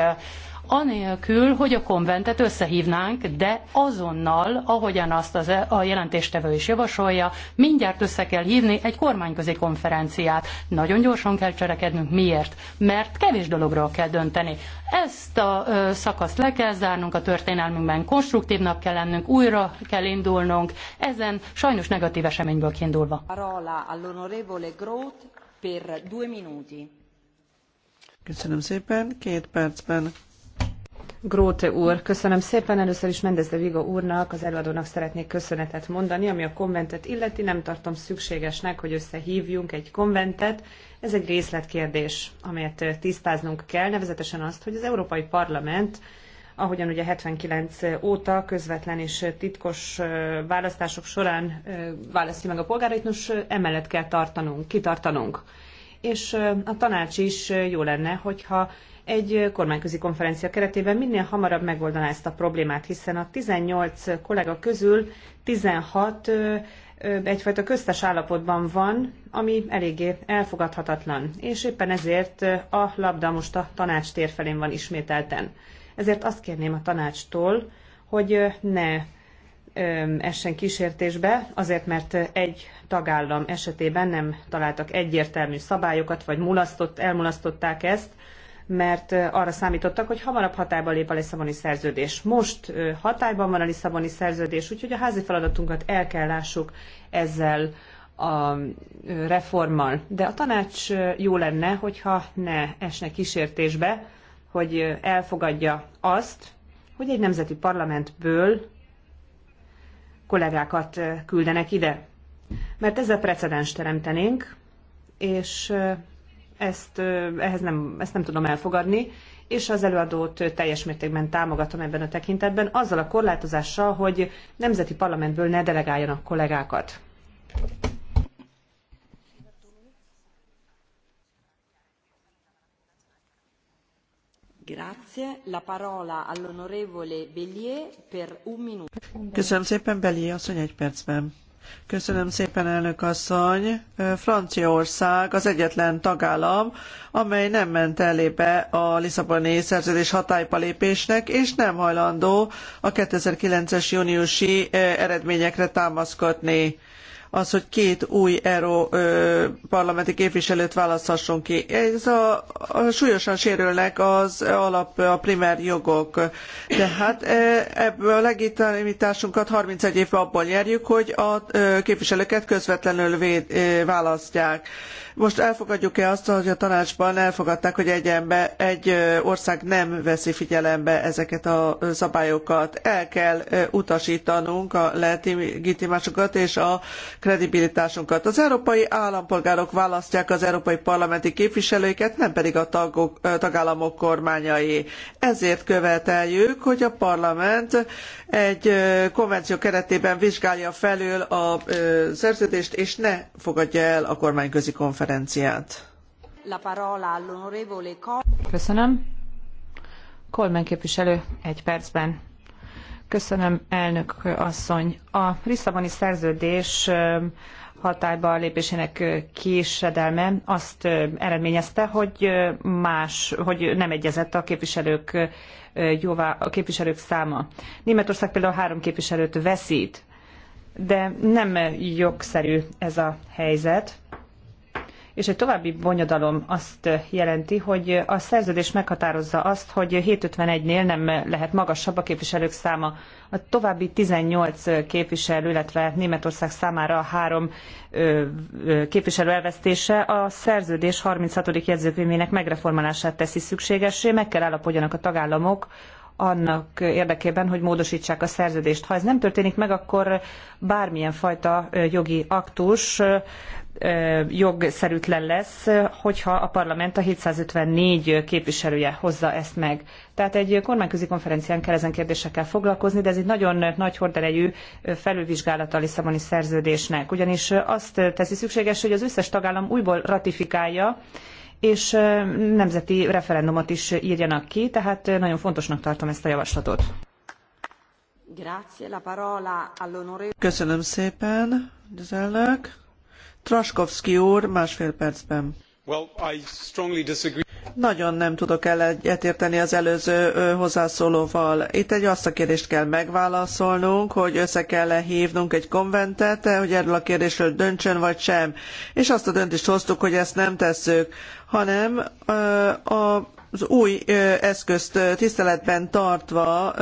anélkül, hogy a konventet összehívnánk, de azonnal, ahogyan azt az, e- a jelentéstevő is javasolja, mindjárt össze kell hívni egy kormányközi konferenciát. Nagyon gyorsan kell cselekednünk. Miért? Mert kevés dologról kell dönteni. Ezt a ö, szakaszt le kell zárnunk, a történelmünkben konstruktívnak kell lennünk, újra kell indulnunk, ezen sajnos negatív eseményből kiindulva. Köszönöm szépen, két percben Gróte úr, köszönöm szépen. Először is Mendez de Vigo úrnak, az előadónak szeretnék köszönetet mondani, ami a konventet illeti. Nem tartom szükségesnek, hogy összehívjunk egy konventet. Ez egy részletkérdés, amelyet eh, tisztáznunk kell, nevezetesen azt, hogy az Európai Parlament ahogyan ugye 79 eh, óta közvetlen és eh, titkos választások során választja meg a polgárait, nos emellett kell tartanunk, kitartanunk. És a tanács is jó lenne, hogyha egy kormányközi konferencia keretében minél hamarabb megoldaná ezt a problémát, hiszen a 18 kollega közül 16 egyfajta köztes állapotban van, ami eléggé elfogadhatatlan, és éppen ezért a labda most a tanács térfelén van ismételten. Ezért azt kérném a tanácstól, hogy ne essen kísértésbe, azért mert egy tagállam esetében nem találtak egyértelmű szabályokat, vagy mulasztott, elmulasztották ezt, mert arra számítottak, hogy hamarabb hatályba lép a Lisszaboni szerződés. Most hatályban van a Lisszaboni szerződés, úgyhogy a házi feladatunkat el kell lássuk ezzel a reformmal. De a tanács jó lenne, hogyha ne esne kísértésbe, hogy elfogadja azt, hogy egy nemzeti parlamentből kollégákat küldenek ide. Mert ezzel precedens teremtenénk, és ezt, ehhez nem, ezt nem tudom elfogadni, és az előadót teljes mértékben támogatom ebben a tekintetben, azzal a korlátozással, hogy nemzeti parlamentből ne delegáljanak kollégákat. Grazie. La parola all'onorevole Bellier per un minuto. Köszönöm szépen, Bellier asszony egy percben. Köszönöm szépen, elnök asszony. Franciaország az egyetlen tagállam, amely nem ment elébe a Lisszaboni szerződés hatályba lépésnek, és nem hajlandó a 2009-es júniusi eredményekre támaszkodni az, hogy két új euró parlamenti képviselőt választhasson ki. Ez a, a súlyosan sérülnek az alap, a primer jogok. Tehát ebből a legitimitásunkat 31 évben abból nyerjük, hogy a képviselőket közvetlenül véd, választják. Most elfogadjuk-e azt, hogy a tanácsban elfogadták, hogy egy, ember, egy ország nem veszi figyelembe ezeket a szabályokat. El kell utasítanunk a legitimásokat és a kredibilitásunkat. Az európai állampolgárok választják az európai parlamenti képviselőiket, nem pedig a tagok, tagállamok kormányai. Ezért követeljük, hogy a parlament egy konvenció keretében vizsgálja felül a szerződést, és ne fogadja el a kormányközi konferenciát. Köszönöm. Kolmen képviselő, egy percben. Köszönöm, elnök asszony. A Lisszaboni szerződés hatályba lépésének késedelme azt eredményezte, hogy más, hogy nem egyezett a képviselők jóvá, a képviselők száma. Németország például három képviselőt veszít, de nem jogszerű ez a helyzet. És egy további bonyodalom azt jelenti, hogy a szerződés meghatározza azt, hogy 751-nél nem lehet magasabb a képviselők száma. A további 18 képviselő, illetve Németország számára a három képviselő elvesztése a szerződés 36. jegyzőkönyvének megreformálását teszi szükségessé. Meg kell állapodjanak a tagállamok annak érdekében, hogy módosítsák a szerződést. Ha ez nem történik meg, akkor bármilyen fajta jogi aktus jogszerűtlen lesz, hogyha a parlament a 754 képviselője hozza ezt meg. Tehát egy kormányközi konferencián kell ezen kérdésekkel foglalkozni, de ez egy nagyon nagy horderejű felülvizsgálata a Lisszaboni szerződésnek. Ugyanis azt teszi szükséges, hogy az összes tagállam újból ratifikálja, és nemzeti referendumot is írjanak ki, tehát nagyon fontosnak tartom ezt a javaslatot. Köszönöm szépen, az elnök. Traskowski úr, másfél percben. Well, I strongly disagree. Nagyon nem tudok egyetérteni az előző hozzászólóval. Itt egy azt a kérdést kell megválaszolnunk, hogy össze kell-e hívnunk egy konventet, hogy erről a kérdésről döntsön vagy sem. És azt a döntést hoztuk, hogy ezt nem tesszük hanem a az új eszközt tiszteletben tartva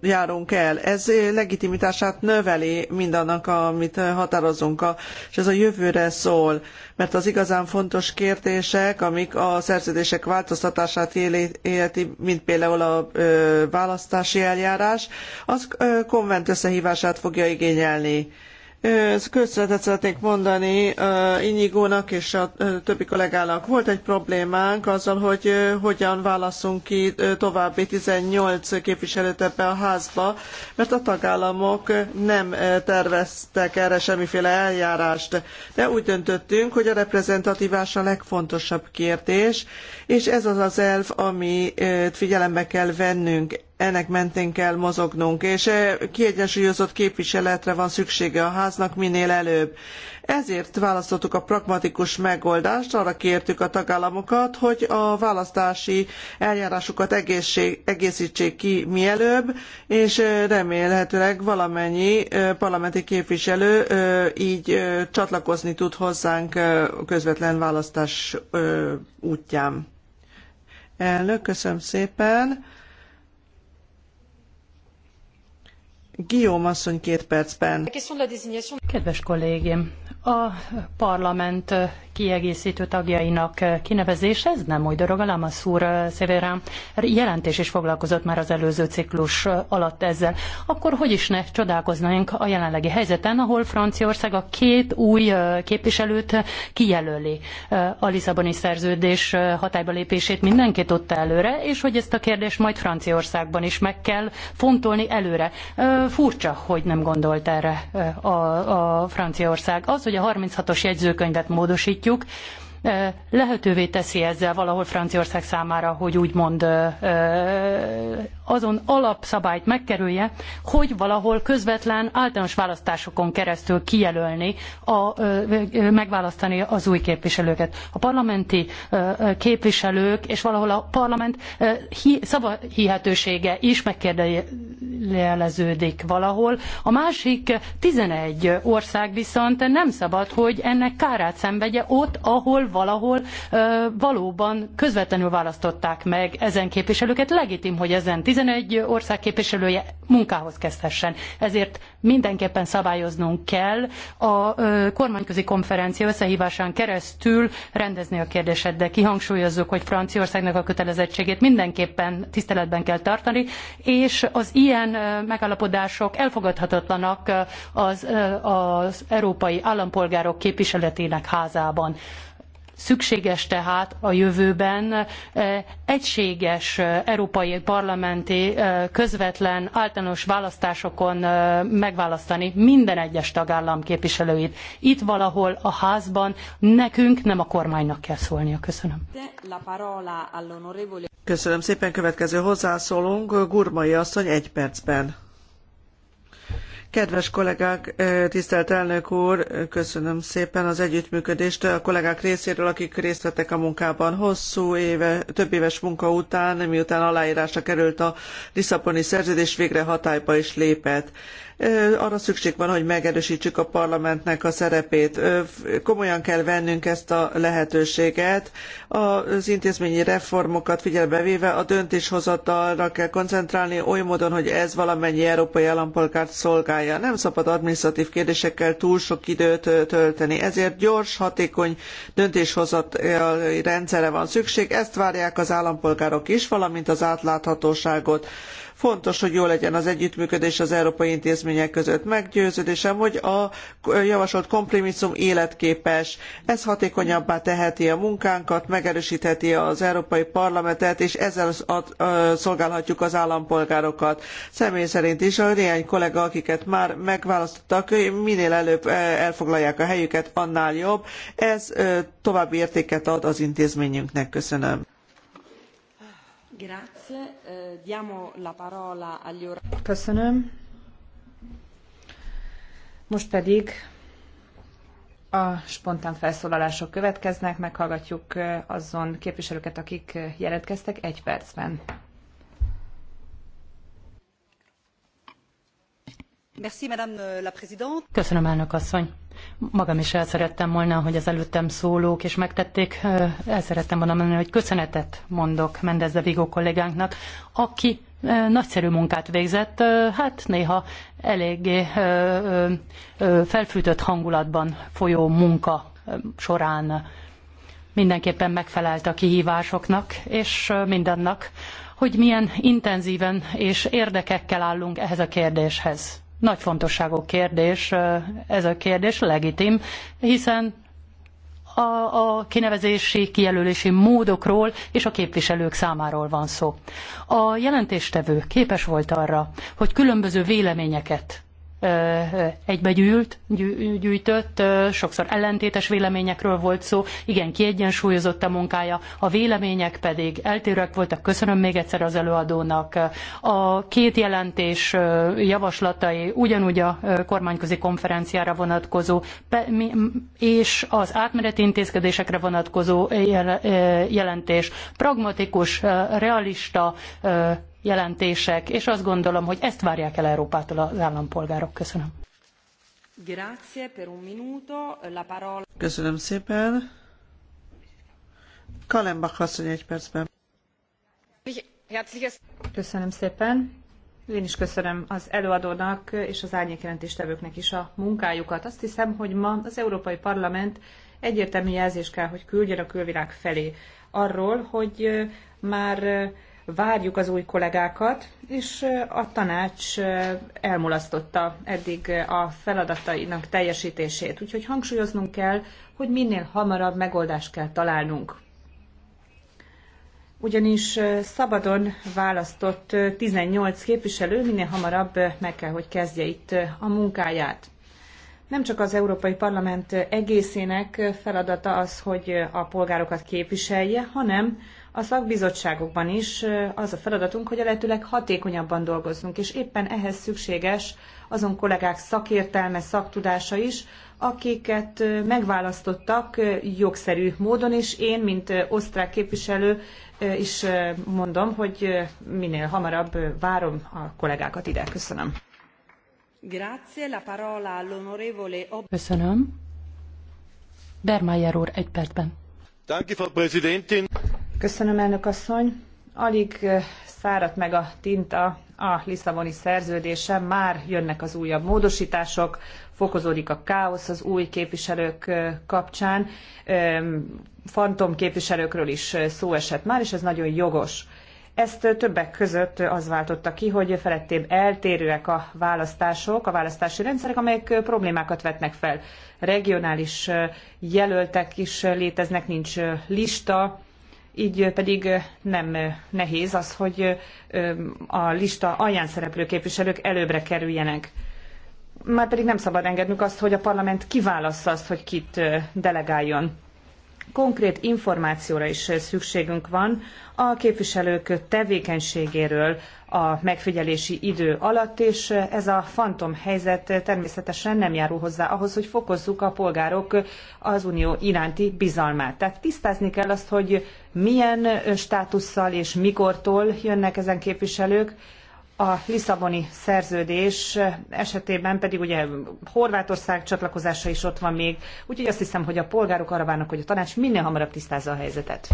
járunk el. Ez legitimitását növeli mindannak, amit határozunk, és ez a jövőre szól, mert az igazán fontos kérdések, amik a szerződések változtatását illeti, mint például a választási eljárás, az konvent összehívását fogja igényelni Köszönetet szeretnék mondani Inyigónak és a többi kollégának. Volt egy problémánk azzal, hogy hogyan válaszunk ki további 18 képviselőt ebbe a házba, mert a tagállamok nem terveztek erre semmiféle eljárást. De úgy döntöttünk, hogy a reprezentativás a legfontosabb kérdés, és ez az az elv, amit figyelembe kell vennünk ennek mentén kell mozognunk, és eh, kiegyensúlyozott képviseletre van szüksége a háznak minél előbb. Ezért választottuk a pragmatikus megoldást, arra kértük a tagállamokat, hogy a választási eljárásukat egészség, egészítsék ki mielőbb, és eh, remélhetőleg valamennyi eh, parlamenti képviselő így csatlakozni tud hozzánk közvetlen választás útján. Elnök, köszönöm szépen. Guillaume asszony két percben. Kedves kollégém, a parlament kiegészítő tagjainak kinevezése, ez nem új dolog, a Lamassz úr Szevérán jelentés is foglalkozott már az előző ciklus alatt ezzel. Akkor hogy is ne csodálkoznánk a jelenlegi helyzeten, ahol Franciaország a két új képviselőt kijelöli a Lisszaboni szerződés hatályba lépését mindenki tudta előre, és hogy ezt a kérdést majd Franciaországban is meg kell fontolni előre. Furcsa, hogy nem gondolt erre a, a Franciaország. Az, hogy a 36-os jegyzőkönyvet módosítjuk, lehetővé teszi ezzel valahol Franciaország számára, hogy úgymond azon alapszabályt megkerülje, hogy valahol közvetlen általános választásokon keresztül kijelölni, a, megválasztani az új képviselőket. A parlamenti képviselők és valahol a parlament szavahihetősége is megkérdejeleződik valahol. A másik 11 ország viszont nem szabad, hogy ennek kárát szenvedje ott, ahol valahol valóban közvetlenül választották meg ezen képviselőket. Legitim, hogy ezen 11 ország képviselője munkához kezdhessen. Ezért mindenképpen szabályoznunk kell a kormányközi konferencia összehívásán keresztül rendezni a kérdéset, de kihangsúlyozzuk, hogy Franciaországnak a kötelezettségét mindenképpen tiszteletben kell tartani, és az ilyen megállapodások elfogadhatatlanak az, az európai állampolgárok képviseletének házában. Szükséges tehát a jövőben eh, egységes eh, európai parlamenti eh, közvetlen általános választásokon megválasztani minden egyes tagállam képviselőit. Itt valahol a házban nekünk, nem a kormánynak kell szólnia. Köszönöm. Köszönöm szépen. Következő hozzászólunk Gurmai asszony egy percben. Kedves kollégák, eh, tisztelt elnök úr, köszönöm szépen az együttműködést a kollégák részéről, akik részt vettek a munkában. Hosszú éve, több éves munka után, miután aláírásra került a Lisszaboni szerződés, végre hatályba is lépett arra szükség van, hogy megerősítsük a parlamentnek a szerepét. Komolyan kell vennünk ezt a lehetőséget. Az intézményi reformokat figyelembe véve a döntéshozatalra kell koncentrálni oly módon, hogy ez valamennyi európai állampolgárt szolgálja. Nem szabad administratív kérdésekkel túl sok időt tölteni. Ezért gyors, hatékony döntéshozatali rendszerre van szükség. Ezt várják az állampolgárok is, valamint az átláthatóságot. Fontos, hogy jó legyen az együttműködés az európai intézmények között. Meggyőződésem, hogy a javasolt kompromisszum életképes. Ez hatékonyabbá teheti a munkánkat, megerősítheti az Európai Parlamentet, és ezzel szolgálhatjuk az állampolgárokat. Személy szerint is a néhány kollega, akiket már megválasztottak, minél előbb elfoglalják a helyüket, annál jobb. Ez további értéket ad az intézményünknek. Köszönöm. Grazie. Eh, Köszönöm. Most pedig a spontán felszólalások következnek, meghallgatjuk eh, azon képviselőket, akik eh, jelentkeztek egy percben. Euh, Köszönöm, elnök asszony. Magam is el szerettem volna, hogy az előttem szólók is megtették, el szerettem volna mondani, hogy köszönetet mondok Mendez de Vigo kollégánknak, aki nagyszerű munkát végzett, hát néha eléggé felfűtött hangulatban folyó munka során mindenképpen megfelelt a kihívásoknak, és mindannak, hogy milyen intenzíven és érdekekkel állunk ehhez a kérdéshez. Nagy fontosságú kérdés, ez a kérdés legitim, hiszen a, a kinevezési, kijelölési módokról és a képviselők számáról van szó. A jelentéstevő képes volt arra, hogy különböző véleményeket egybegyűlt, gyűjtött, sokszor ellentétes véleményekről volt szó, igen, kiegyensúlyozott a munkája, a vélemények pedig eltérőek voltak, köszönöm még egyszer az előadónak. A két jelentés javaslatai ugyanúgy a kormányközi konferenciára vonatkozó, és az átmeneti intézkedésekre vonatkozó jelentés pragmatikus, realista, jelentések, és azt gondolom, hogy ezt várják el Európától az állampolgárok. Köszönöm. Köszönöm szépen. Kalembach asszony egy percben. Köszönöm szépen. Én is köszönöm az előadónak és az árnyékjelentéstevőknek is a munkájukat. Azt hiszem, hogy ma az Európai Parlament egyértelmű jelzés kell, hogy küldjön a külvilág felé arról, hogy eh, már eh, várjuk az új kollégákat, és a tanács elmulasztotta eddig a feladatainak teljesítését. Úgyhogy hangsúlyoznunk kell, hogy minél hamarabb megoldást kell találnunk ugyanis szabadon választott 18 képviselő minél hamarabb meg kell, hogy kezdje itt a munkáját. Nem csak az Európai Parlament egészének feladata az, hogy a polgárokat képviselje, hanem a szakbizottságokban is az a feladatunk, hogy a lehetőleg hatékonyabban dolgozzunk, és éppen ehhez szükséges azon kollégák szakértelme, szaktudása is, akiket megválasztottak jogszerű módon, és én, mint osztrák képviselő is mondom, hogy minél hamarabb várom a kollégákat ide. Köszönöm. Grazie, la parola all'onorevole... Köszönöm. Bermayer úr, egy percben. Danke, Frau Präsidentin. Köszönöm, elnök asszony. Alig száradt meg a tinta a Lisszaboni szerződésen, már jönnek az újabb módosítások, fokozódik a káosz az új képviselők kapcsán. Fantom képviselőkről is szó esett már, és ez nagyon jogos. Ezt többek között az váltotta ki, hogy felettébb eltérőek a választások, a választási rendszerek, amelyek problémákat vetnek fel. Regionális jelöltek is léteznek, nincs lista, így pedig nem nehéz az, hogy a lista alján szereplő képviselők előbbre kerüljenek. Már pedig nem szabad engednünk azt, hogy a parlament kiválassza azt, hogy kit delegáljon konkrét információra is szükségünk van a képviselők tevékenységéről a megfigyelési idő alatt, és ez a fantom helyzet természetesen nem járul hozzá ahhoz, hogy fokozzuk a polgárok az unió iránti bizalmát. Tehát tisztázni kell azt, hogy milyen státusszal és mikortól jönnek ezen képviselők, a Lisszaboni szerződés esetében pedig ugye Horvátország csatlakozása is ott van még, úgyhogy azt hiszem, hogy a polgárok arra várnak, hogy a tanács minél hamarabb tisztázza a helyzetet.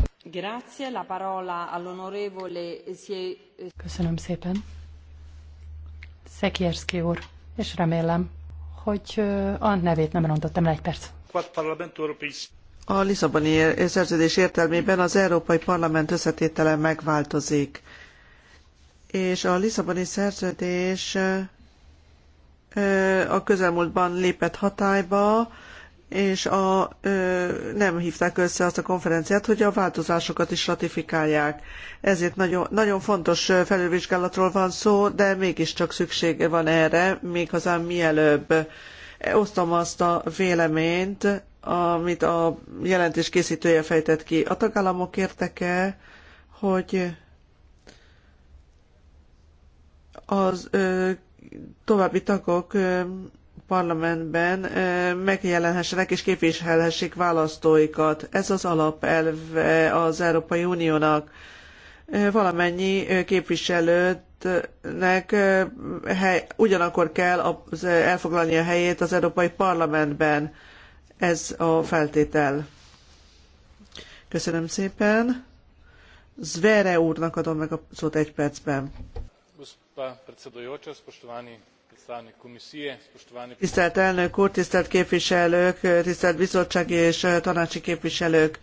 Köszönöm szépen. Szekierszki úr, és remélem, hogy a nevét nem rontottam le egy perc. A Lisszaboni szerződés értelmében az Európai Parlament összetétele megváltozik és a Lisszaboni szerződés a közelmúltban lépett hatályba, és a, nem hívták össze azt a konferenciát, hogy a változásokat is ratifikálják. Ezért nagyon, nagyon fontos felülvizsgálatról van szó, de mégiscsak szüksége van erre, méghozzá mielőbb. Osztom azt a véleményt, amit a jelentés készítője fejtett ki. A tagállamok érteke, hogy az további tagok parlamentben megjelenhessenek és képviselhessék választóikat. Ez az alapelve az Európai Uniónak. Valamennyi képviselőtnek hely, ugyanakkor kell elfoglalni a helyét az Európai Parlamentben. Ez a feltétel. Köszönöm szépen. Zvere úrnak adom meg a szót egy percben. Tisztelt elnök úr, tisztelt képviselők, tisztelt bizottsági és tanácsi képviselők!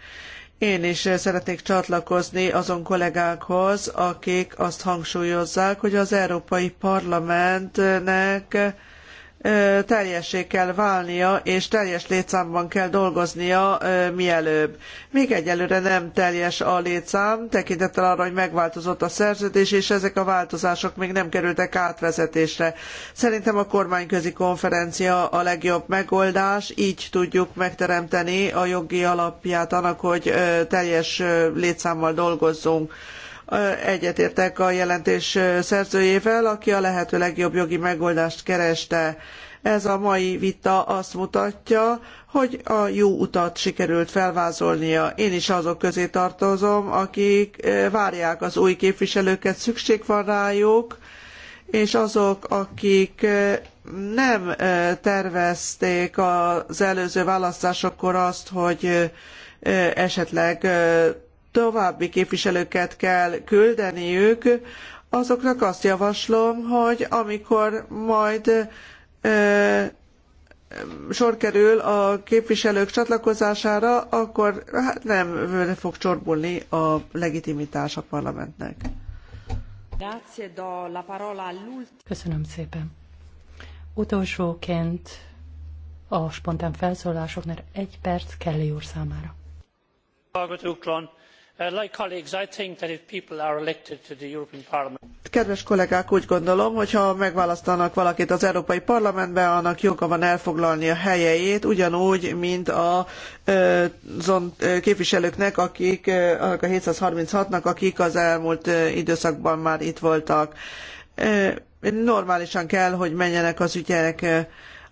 Én is szeretnék csatlakozni azon kollégákhoz, akik azt hangsúlyozzák, hogy az Európai Parlamentnek teljessé kell válnia, és teljes létszámban kell dolgoznia mielőbb. Még egyelőre nem teljes a létszám, tekintettel arra, hogy megváltozott a szerződés, és ezek a változások még nem kerültek átvezetésre. Szerintem a kormányközi konferencia a legjobb megoldás, így tudjuk megteremteni a jogi alapját annak, hogy teljes létszámmal dolgozzunk. Egyetértek a jelentés szerzőjével, aki a lehető legjobb jogi megoldást kereste. Ez a mai vita azt mutatja, hogy a jó utat sikerült felvázolnia. Én is azok közé tartozom, akik várják az új képviselőket, szükség van rájuk, és azok, akik nem tervezték az előző választásokkor azt, hogy esetleg további képviselőket kell küldeniük, azoknak azt javaslom, hogy amikor majd sor kerül a képviselők csatlakozására, akkor hát nem fog csorbulni a legitimitás a parlamentnek. Köszönöm szépen. Utolsóként a spontán felszólásoknál egy perc Kelly úr számára. Kedves kollégák, úgy gondolom, hogy ha megválasztanak valakit az Európai Parlamentbe, annak joga van elfoglalni a helyét, ugyanúgy, mint a azon képviselőknek, akik, annak a 736-nak, akik az elmúlt időszakban már itt voltak. Normálisan kell, hogy menjenek az ügyek.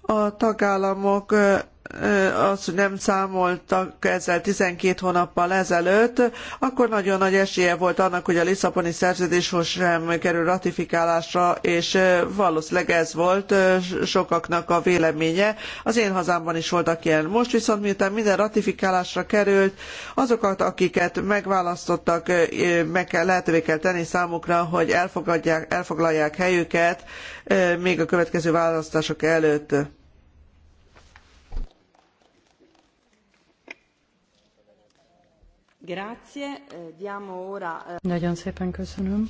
A tagállamok az, hogy nem számoltak ezzel 12 hónappal ezelőtt, akkor nagyon nagy esélye volt annak, hogy a Lisszaboni szerződés sem kerül ratifikálásra, és valószínűleg ez volt sokaknak a véleménye. Az én hazámban is voltak ilyen. Most viszont miután minden ratifikálásra került, azokat, akiket megválasztottak, meg kell, lehetővé kell tenni számukra, hogy elfogadják, elfoglalják helyüket még a következő választások előtt Grazie. Eh, diamo ora... Eh, Nagyon szépen köszönöm.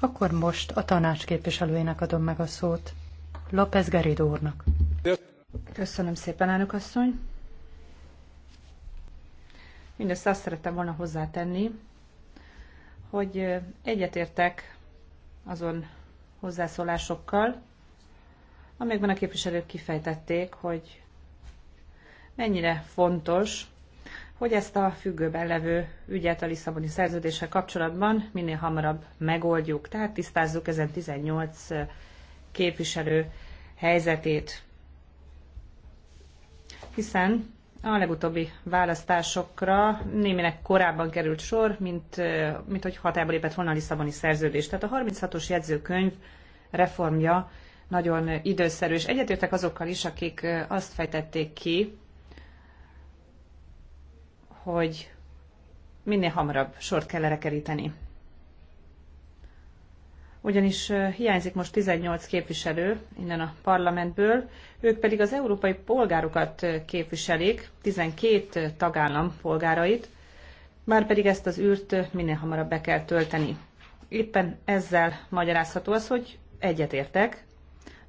Akkor most a tanács képviselőjének adom meg a szót. López Garrido úrnak. Köszönöm szépen, elnök asszony. Mindezt azt szerettem volna hozzátenni, hogy eh, egyetértek azon hozzászólásokkal, amelyekben a képviselők kifejtették, hogy mennyire fontos hogy ezt a függőben levő ügyet a Lisszaboni szerződéssel kapcsolatban minél hamarabb megoldjuk. Tehát tisztázzuk ezen 18 képviselő helyzetét. Hiszen a legutóbbi választásokra némileg korábban került sor, mint, mint hogy hatába lépett volna a Lisszaboni szerződés. Tehát a 36-os jegyzőkönyv reformja nagyon időszerű, és egyetértek azokkal is, akik azt fejtették ki, hogy minél hamarabb sort kell erre keríteni. Ugyanis hiányzik most 18 képviselő innen a parlamentből, ők pedig az európai polgárokat képviselik, 12 tagállam polgárait, már pedig ezt az űrt minél hamarabb be kell tölteni. Éppen ezzel magyarázható az, hogy egyetértek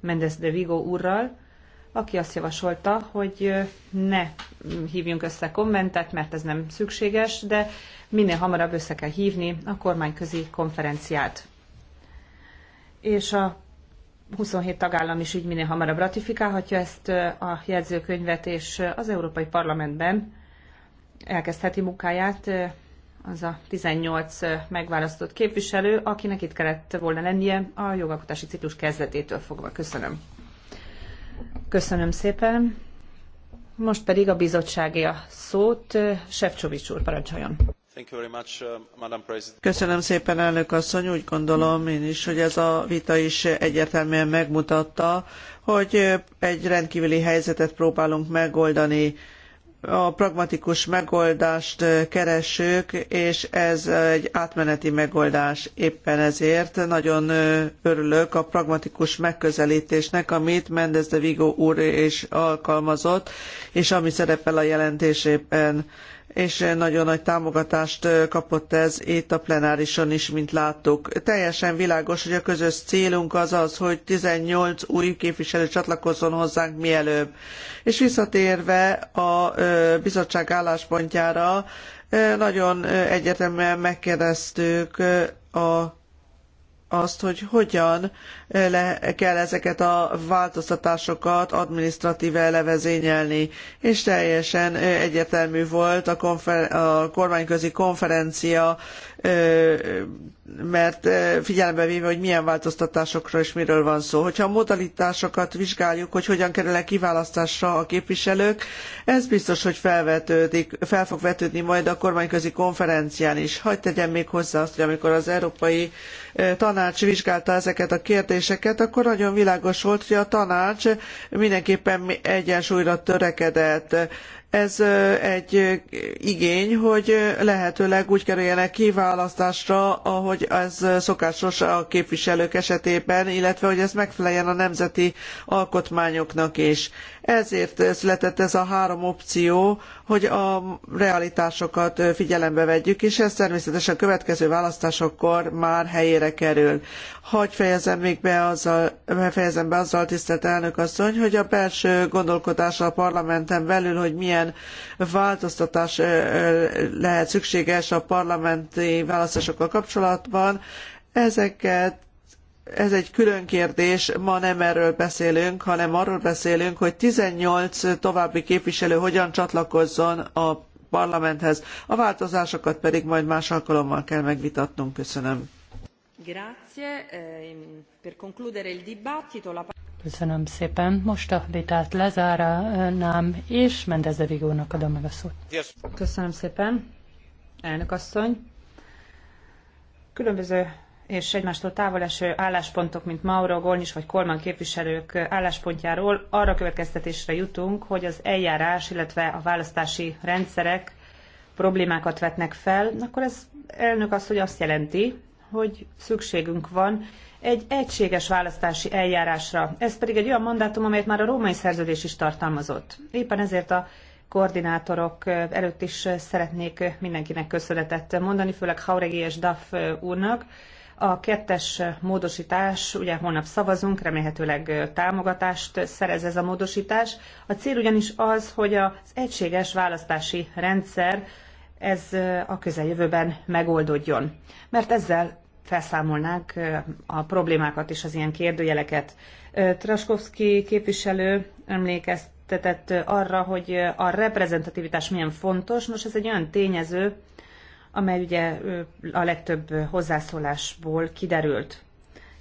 Mendes de Vigo úrral, aki azt javasolta, hogy ne hívjunk össze kommentet, mert ez nem szükséges, de minél hamarabb össze kell hívni a kormányközi konferenciát. És a 27 tagállam is így minél hamarabb ratifikálhatja ezt a jegyzőkönyvet, és az Európai Parlamentben elkezdheti munkáját az a 18 megválasztott képviselő, akinek itt kellett volna lennie a jogalkotási ciklus kezdetétől fogva. Köszönöm. Köszönöm szépen. Most pedig a bizottságé a szót. Sefcsovics úr, parancsoljon. Uh, Köszönöm szépen, elnök asszony. Úgy gondolom én is, hogy ez a vita is egyértelműen megmutatta, hogy egy rendkívüli helyzetet próbálunk megoldani a pragmatikus megoldást keresők, és ez egy átmeneti megoldás éppen ezért. Nagyon örülök a pragmatikus megközelítésnek, amit Mendez de Vigo úr is alkalmazott, és ami szerepel a jelentésében és nagyon nagy támogatást kapott ez itt a plenárison is, mint láttuk. Teljesen világos, hogy a közös célunk az az, hogy 18 új képviselő csatlakozzon hozzánk mielőbb. És visszatérve a bizottság álláspontjára, nagyon egyetemben megkérdeztük a azt, hogy hogyan eh, le kell ezeket a változtatásokat adminisztratíve levezényelni, és teljesen eh, egyértelmű volt a, konfer- a kormányközi konferencia mert figyelembe véve, hogy milyen változtatásokra és miről van szó. Hogyha a modalitásokat vizsgáljuk, hogy hogyan kerülnek kiválasztásra a képviselők, ez biztos, hogy felvetődik, fel fog vetődni majd a kormányközi konferencián is. Hagy tegyem még hozzá azt, hogy amikor az Európai Tanács vizsgálta ezeket a kérdéseket, akkor nagyon világos volt, hogy a tanács mindenképpen egyensúlyra törekedett ez egy igény, hogy lehetőleg úgy kerüljenek kiválasztásra, ahogy ez szokásos a képviselők esetében, illetve hogy ez megfeleljen a nemzeti alkotmányoknak is. Ezért született ez a három opció, hogy a realitásokat figyelembe vegyük, és ez természetesen a következő választásokkor már helyére kerül. Hagy fejezem még be azzal, fejezem be azzal tisztelt elnök asszony, hogy a belső gondolkodása a parlamenten belül, hogy milyen változtatás lehet szükséges a parlamenti választásokkal kapcsolatban, ezeket ez egy külön kérdés, ma nem erről beszélünk, hanem arról beszélünk, hogy 18 további képviselő hogyan csatlakozzon a parlamenthez. A változásokat pedig majd más alkalommal kell megvitatnunk. Köszönöm. Ehm, Köszönöm szépen. Most a vitát lezárnám, és Mendeze Vigónak adom meg a szót. Köszönöm szépen, elnök asszony. Különböző és egymástól távol eső álláspontok, mint Mauro, Golnis vagy Kolman képviselők álláspontjáról arra következtetésre jutunk, hogy az eljárás, illetve a választási rendszerek problémákat vetnek fel, akkor ez elnök azt, hogy azt jelenti, hogy szükségünk van egy egységes választási eljárásra. Ez pedig egy olyan mandátum, amelyet már a római szerződés is tartalmazott. Éppen ezért a koordinátorok előtt is szeretnék mindenkinek köszönetet mondani, főleg Hauregi és Duff úrnak, a kettes módosítás, ugye holnap szavazunk, remélhetőleg támogatást szerez ez a módosítás. A cél ugyanis az, hogy az egységes választási rendszer ez a közeljövőben megoldódjon. Mert ezzel felszámolnánk a problémákat és az ilyen kérdőjeleket. Traskovski képviselő emlékeztetett arra, hogy a reprezentativitás milyen fontos. Nos, ez egy olyan tényező, amely ugye a legtöbb hozzászólásból kiderült.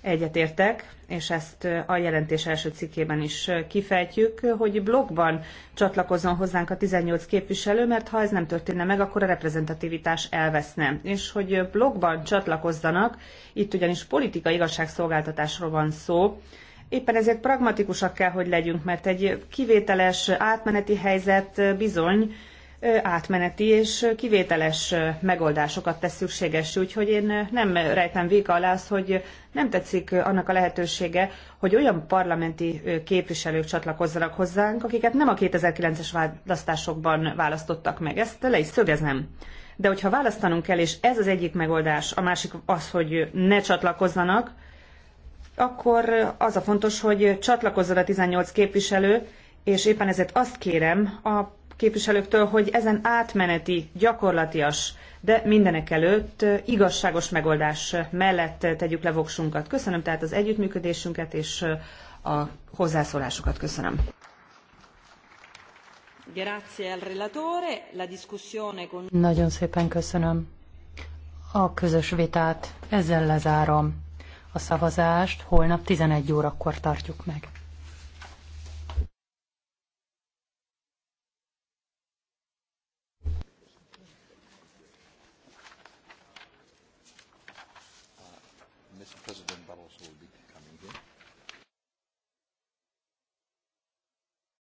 Egyetértek, és ezt a jelentés első cikkében is kifejtjük, hogy blogban csatlakozzon hozzánk a 18 képviselő, mert ha ez nem történne meg, akkor a reprezentativitás elveszne. És hogy blogban csatlakozzanak, itt ugyanis politika igazságszolgáltatásról van szó, Éppen ezért pragmatikusak kell, hogy legyünk, mert egy kivételes átmeneti helyzet bizony átmeneti és kivételes megoldásokat tesz szükséges, úgyhogy én nem rejtem véka alá azt, hogy nem tetszik annak a lehetősége, hogy olyan parlamenti képviselők csatlakozzanak hozzánk, akiket nem a 2009-es választásokban választottak meg. Ezt le is szögezem. De hogyha választanunk kell, és ez az egyik megoldás, a másik az, hogy ne csatlakozzanak, akkor az a fontos, hogy csatlakozzon a 18 képviselő, és éppen ezért azt kérem a képviselőktől, hogy ezen átmeneti, gyakorlatias, de mindenek előtt igazságos megoldás mellett tegyük le voksunkat. Köszönöm tehát az együttműködésünket és a hozzászólásokat. Köszönöm. Nagyon szépen köszönöm. A közös vitát ezzel lezárom. A szavazást holnap 11 órakor tartjuk meg.